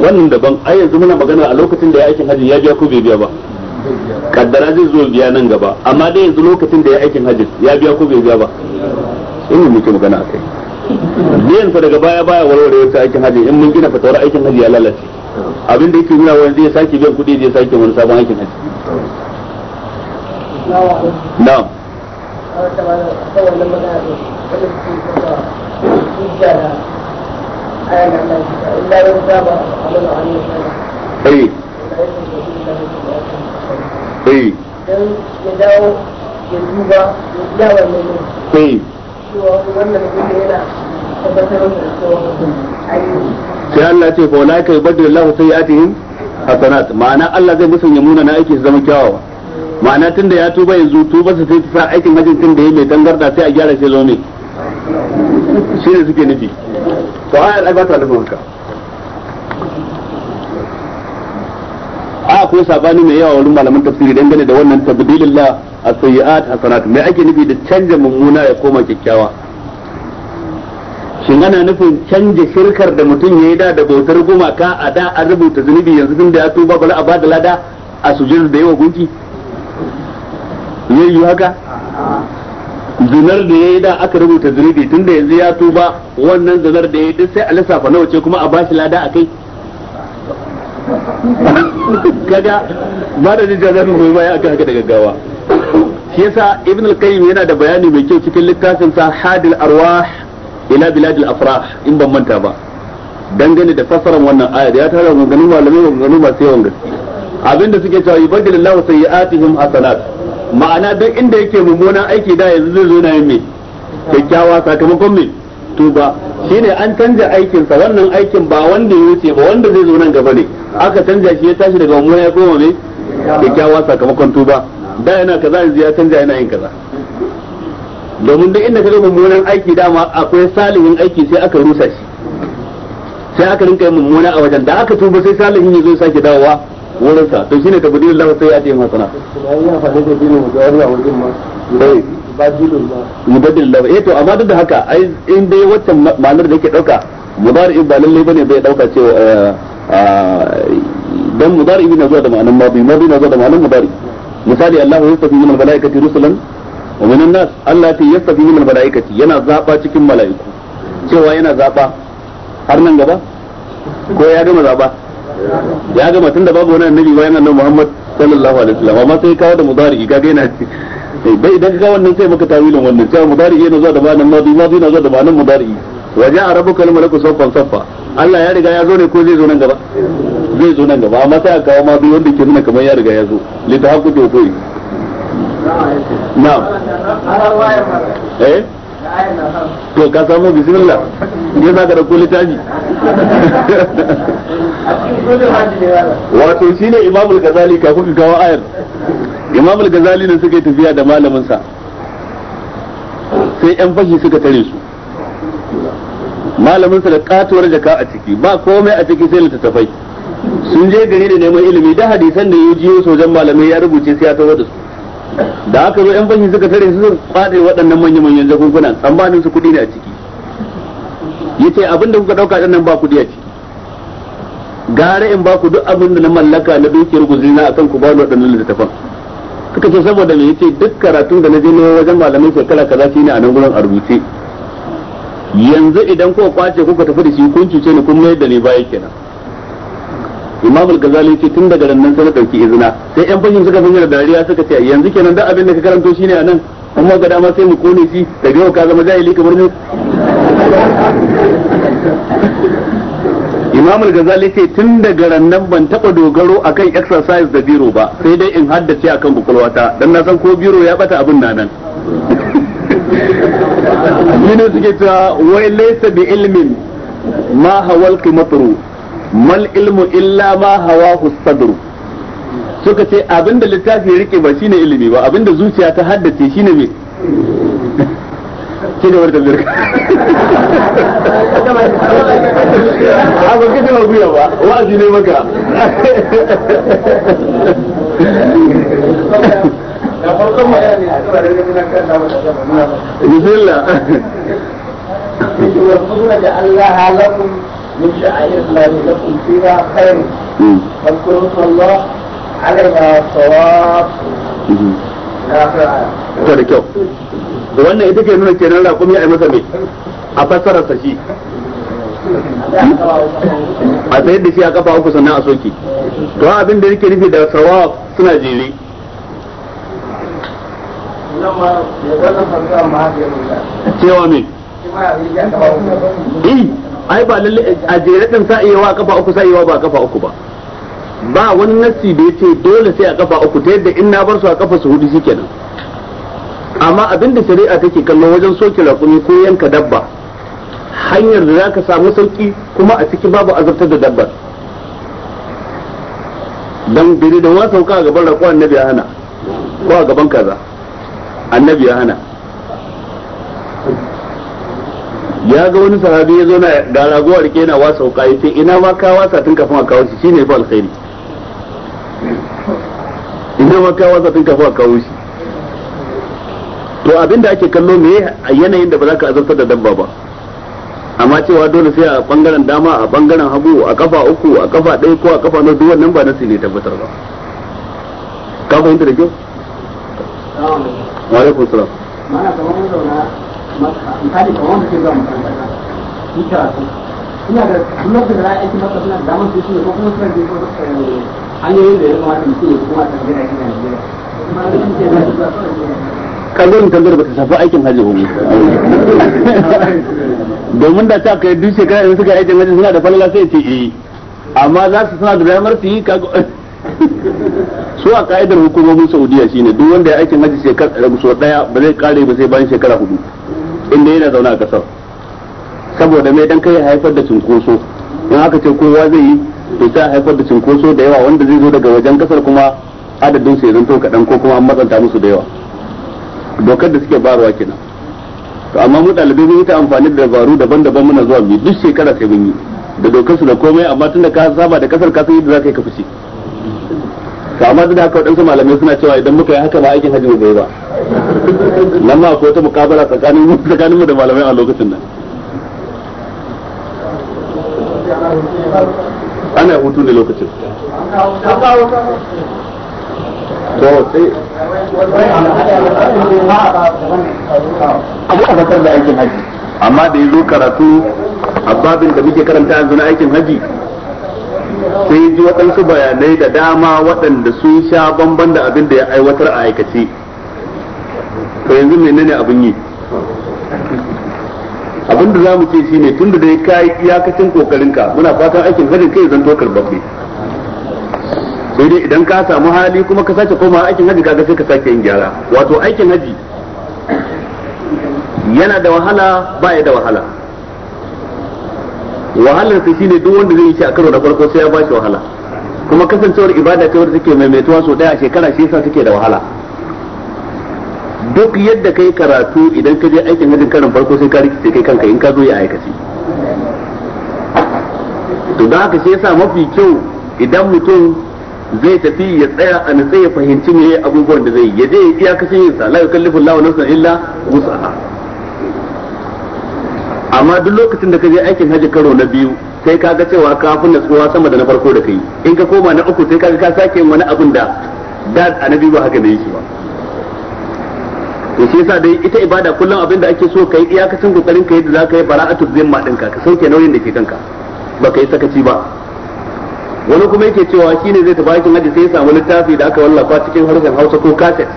wannan daban ai yanzu muna magana a lokacin da ya aikin hajji ya biya ko bai biya ba kaddara zai zo biya nan gaba amma dai yanzu lokacin da ya aikin hajji ya biya ko bai biya ba in muke magana a kai biyan sa daga baya baya warware wata aikin hajji in mun gina fatawar aikin hajji ya lalace abin da yake nuna wani zai sake biyan kuɗi zai sake wani sabon aikin hajji na'am magana eh eh ya dawo ya duba ya da sai Allah ce fa wala sayiatihim hasanat ma'ana Allah zai musanya muna na aiki su zama kyawawa ma'ana tunda ya tuba yanzu tuba su sai sa aikin hajjin tun da ya mai tangarda sai a gyara shi zo ne shi ne suke nufi to ayar ai ba ta nufin haka a akwai sabani mai yawa wurin malaman tafsiri dangane da wannan tabdilillah as sayi'at hasanat mai ake nufi da canja mummuna ya koma kyakkyawa shin ana nufin canja shirkar da mutum ya yi da da bautar gumaka a da a rubuta zunubi yanzu tun da ya tuba bala a bada lada a sujud da yawa gunki zai haka zinar da ya yi da aka rubuta zunubi da yanzu ya tuba wannan zinar da ya yi sai a lissafa nawa ce kuma a shi lada kai kaga ba da jin zafin mu ba ya aka haka da gaggawa shi yasa ibn al-qayyim yana da bayani mai kyau cikin littafin sa hadil arwah ila bilad al-afrah in ban manta ba dangane da fasaran wannan ayar ya tara ganin malamai ganin masu yawan gaske abinda suke cewa yubaddilillahu sayyi'atihim hasanat ma'ana duk inda yake mummunan aiki da yanzu zai zo na yin mai kyakkyawa sakamakon mai tuba shine an canja aikinsa wannan aikin ba wanda ya wuce ba wanda zai zo nan gaba ne aka canja shi ya tashi daga mummuna ya koma mai kyakkyawa sakamakon tuba da yana kaza yanzu ya canja yana yin kaza domin duk inda ka zo mummunan aiki dama akwai salihin aiki sai aka rusa shi sai aka rinka yin mummuna a wajen da aka tuba sai salihin ya zo sake dawowa wurinsa to shine budi lahu sai ya ce masana ya faɗi da dinin mujawari wajen ma bai mubaddil lahu eh to amma duk da haka ai in dai wacce ma'anar da yake dauka mudari ba lalle bane bai dauka cewa eh, ah, dan mudari na zuwa da ma'anar mabi mabi na zuwa da ma'anar mudari misali Allah ya tafi min malaikati rusulan wa min nas Allah ta yastafi min malaikati yana zaba cikin mala'iku cewa yana zaba har nan gaba ko ya gama zaba ya ga matan da babu wani annabi bayan annabi Muhammad sallallahu alaihi wasallam amma sai kawo da mudari ga yana eh, bai idan ga wannan sai maka tawilin wannan sai mudari yana zuwa da ma'anan madi madi yana zuwa da ma'anan mudari waje a rabu kalmar ku saffan saffa Allah ya riga ya zo ne ko zai zo nan gaba zai zo nan gaba amma sai aka kawo madi wanda ke nuna kamar ya riga ya zo litahaqqu to koi na'am eh to ka samu bismillah ne za ka da kulitaji wato ne imamul gazali kafin kuka kawo ayar imamul gazali ne suka yi tafiya da malaminsa sai yan fashi suka tare su malaminsa da katuwar jaka a ciki ba komai a ciki sai littattafai sun je gari da neman ilimi da hadisan da ya jiyo sojan malamai ya rubuce sai ya tawo da su da aka zo yan fashi suka tare su sun fadi waɗannan manya-manyan jakunkunan tsammanin su kuɗi ne a ciki yace abinda kuka dauka ɗan nan ba kuɗi a ciki gara in ba ku duk abin da na mallaka na dukiyar guzurina akan ku ba ni waɗannan littattafan suka ce saboda me yace duk karatun da na je ne wajen malamai shekara kaza shine a nan gurin a rubuce yanzu idan kuka kwace kuka tafi da shi kun cuce ni kun mayar da ni baya kenan imam al-ghazali ce tun daga nan sai dauki izina sai yan fashin suka fanya da dariya suka ce yanzu kenan da abin da ka karanto shine a nan amma ga dama sai mu kone shi daga yau ka zama jahili kamar mu imam al-ghazali ce tun daga rannan ban taba dogaro akan exercise da biro ba sai dai in haddace akan bukulwata dan na san ko biro ya bata abin nan yana suke ta wai laysa bi ilmin ma hawal qimatru mal ilmu illa ma hawahu sadru suka ce abinda littafi ya rike ba shine ilimi ba abinda zuciya ta haddace shine me ci gaba da tambayar ka a ba kace ba guya ba wa'azi ne maka بسم الله جعلها لكم من شعائر الله لكم فيها خير فاذكروا اسم الله عليها صواب الى اخر الايه. da wannan ita ke nuna kenan raƙumi a yi masa mai a fassara sa shi a sayar da shi a kafa uku sannan a soke to abin da yake nufi da sawab suna jere cewa me eh ai ba lalle a jere din sa iya wa kafa uku sa iya wa ba kafa uku ba ba wani nassi da ce dole sai a kafa uku ta yadda in na bar su a kafa su hudu shikenan amma abin da shari'a take kallo wajen soke raƙumi ko yanka dabba hanyar da zaka samu sauki kuma a ciki babu azabtar da dabbar dan biri da wasa ka gaban raƙo annabi ya hana ko a gaban kaza annabi ya hana ya ga wani sahabi ya zo na ga rago a na wasa ka ya ce ina ma ka wasa tun kafin a kawo shi shine fa alkhairi ina ma ka wasa tun kafin a kawo shi to abinda ake kallo me a yanayin da ba za ka azabtar da dabba ba amma cewa dole sai a bangaren dama a bangaren hagu a kafa uku a kafa ɗaya ko a kafa na duk wannan ba nasi ne tabbatar ba ka fahimta da kyau wa alaikum salam mana kamar mun zauna misali kamar wanda ke zuwa makaranta ni ta ina da kullum da za a aiki masa suna damar su shi ne ko kuma suna da ko hanyoyin da ya kamata mutum ya kuma a tafiyar aikin Najeriya kuma da shi ke da shi kazarin ta ba ta shafi aikin hajji ba domin da ta kai duk shekara idan suka aikin hajji suna da falala sai ce eh amma za su suna da damar su yi su a ka'idar hukumomin saudiya shine duk wanda ya aikin hajji shekara so daya ba zai kare ba sai bayan shekara hudu inda yana zaune a kasar saboda mai dan kai haifar da cinkoso in aka ce kowa zai yi to sai haifar da cinkoso da yawa wanda zai zo daga wajen kasar kuma adadin su ya zanto kaɗan ko kuma an matsanta musu da yawa dokar da suke barwa kenan to amma mu dalibai mun yi ta amfani da dabaru daban-daban muna zuwa mu duk shekara sai mun yi da dokar su da komai amma tunda ka saba da kasar ka san yadda zaka yi ka fice to amma duk da haka wadansu malamai suna cewa idan muka yi haka ba aikin hajji zai ba nan ma akwai wata mukabara tsakanin mu tsakanin mu da malamai a lokacin nan ana hutu ne lokacin to sai abu a da aikin haji amma da ya zo karatu a babin da muke karanta yanzu na aikin haji sai ji waɗansu bayanai da dama waɗanda sun sha bamban da abin da ya aiwatar a aikace to yanzu menene abin yi abin da za mu ce shine da dai ka yi iyakacin kokarinka muna fatan aikin hajjin kai zanto karbabbe sai dai idan ka samu hali kuma ka sake koma aikin haji kaga sai ka sake yin gyara wato aikin haji yana da wahala ba ya da wahala wahalar sa shine duk wanda zai yi shi a karo na farko sai ya ba shi wahala kuma kasancewar ibada ta wadda take maimaituwa so daya a shekara shi yasa take da wahala duk yadda kai karatu idan ka je aikin hajjin karin farko sai ka rikice kai kanka in ka zo ya aikaci to da haka shi yasa mafi kyau idan mutum zai tafi ya tsaya a nutse ya fahimci me abubuwan da zai ya je ya kashe yin sa la yukallifu Allahu nafsan illa wus'aha amma duk lokacin da ka je aikin haji karo na biyu sai ka ga cewa ka fi natsuwa sama da na farko da kai in ka koma na uku sai ka ka sake wani abin da da annabi ba haka ne yake ba to shi yasa dai ita ibada kullum abin da ake so kai iyakacin kokarin ka yadda zaka yi bara'atu zimma dinka ka sauke nauyin da ke kanka baka yi sakaci ba wani kuma yake cewa shine zai tafi aikin haji sai ya samu littafi da aka wallafa cikin harshen Hausa ko kaset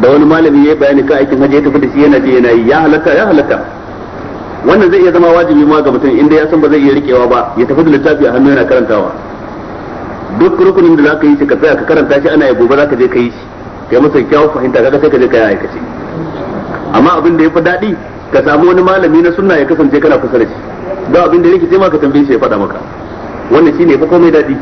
da wani malami ya bayani ka aikin haji ya tafi da shi yana ji yana yi ya halatta ya halatta wannan zai iya zama wajibi ma ga mutum inda ya san ba zai iya rikewa ba ya tafi da littafi a hannu yana karantawa duk rukunin da zaka yi shi ka tsaya ka karanta shi ana ya gobe zaka je ka yi shi kai masa kyau fahimta kaga sai ka je ka yi aikace amma abin da ya fi daɗi ka samu wani malami na sunna ya kasance kana kusa da shi ba abin da yake ce ma ka tambaye shi ya faɗa maka wannan shine fa komai dadi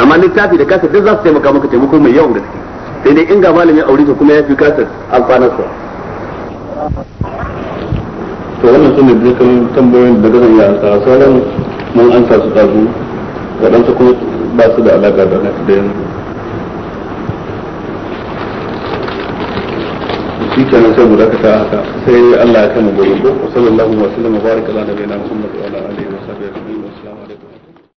amma littafi da kasar duk za su taimaka maka taimako mai yawan gaske sai dai in ga malamin aure ka kuma ya fi kasar alfanar sa to wannan sune da kan tambayoyin da zan ya ansa sauran mun ansa su dazu su kuma ba su da alaƙa da da yanzu shi kenan sai mu dakata haka sai Allah ya kama gobe sallallahu alaihi wa sallam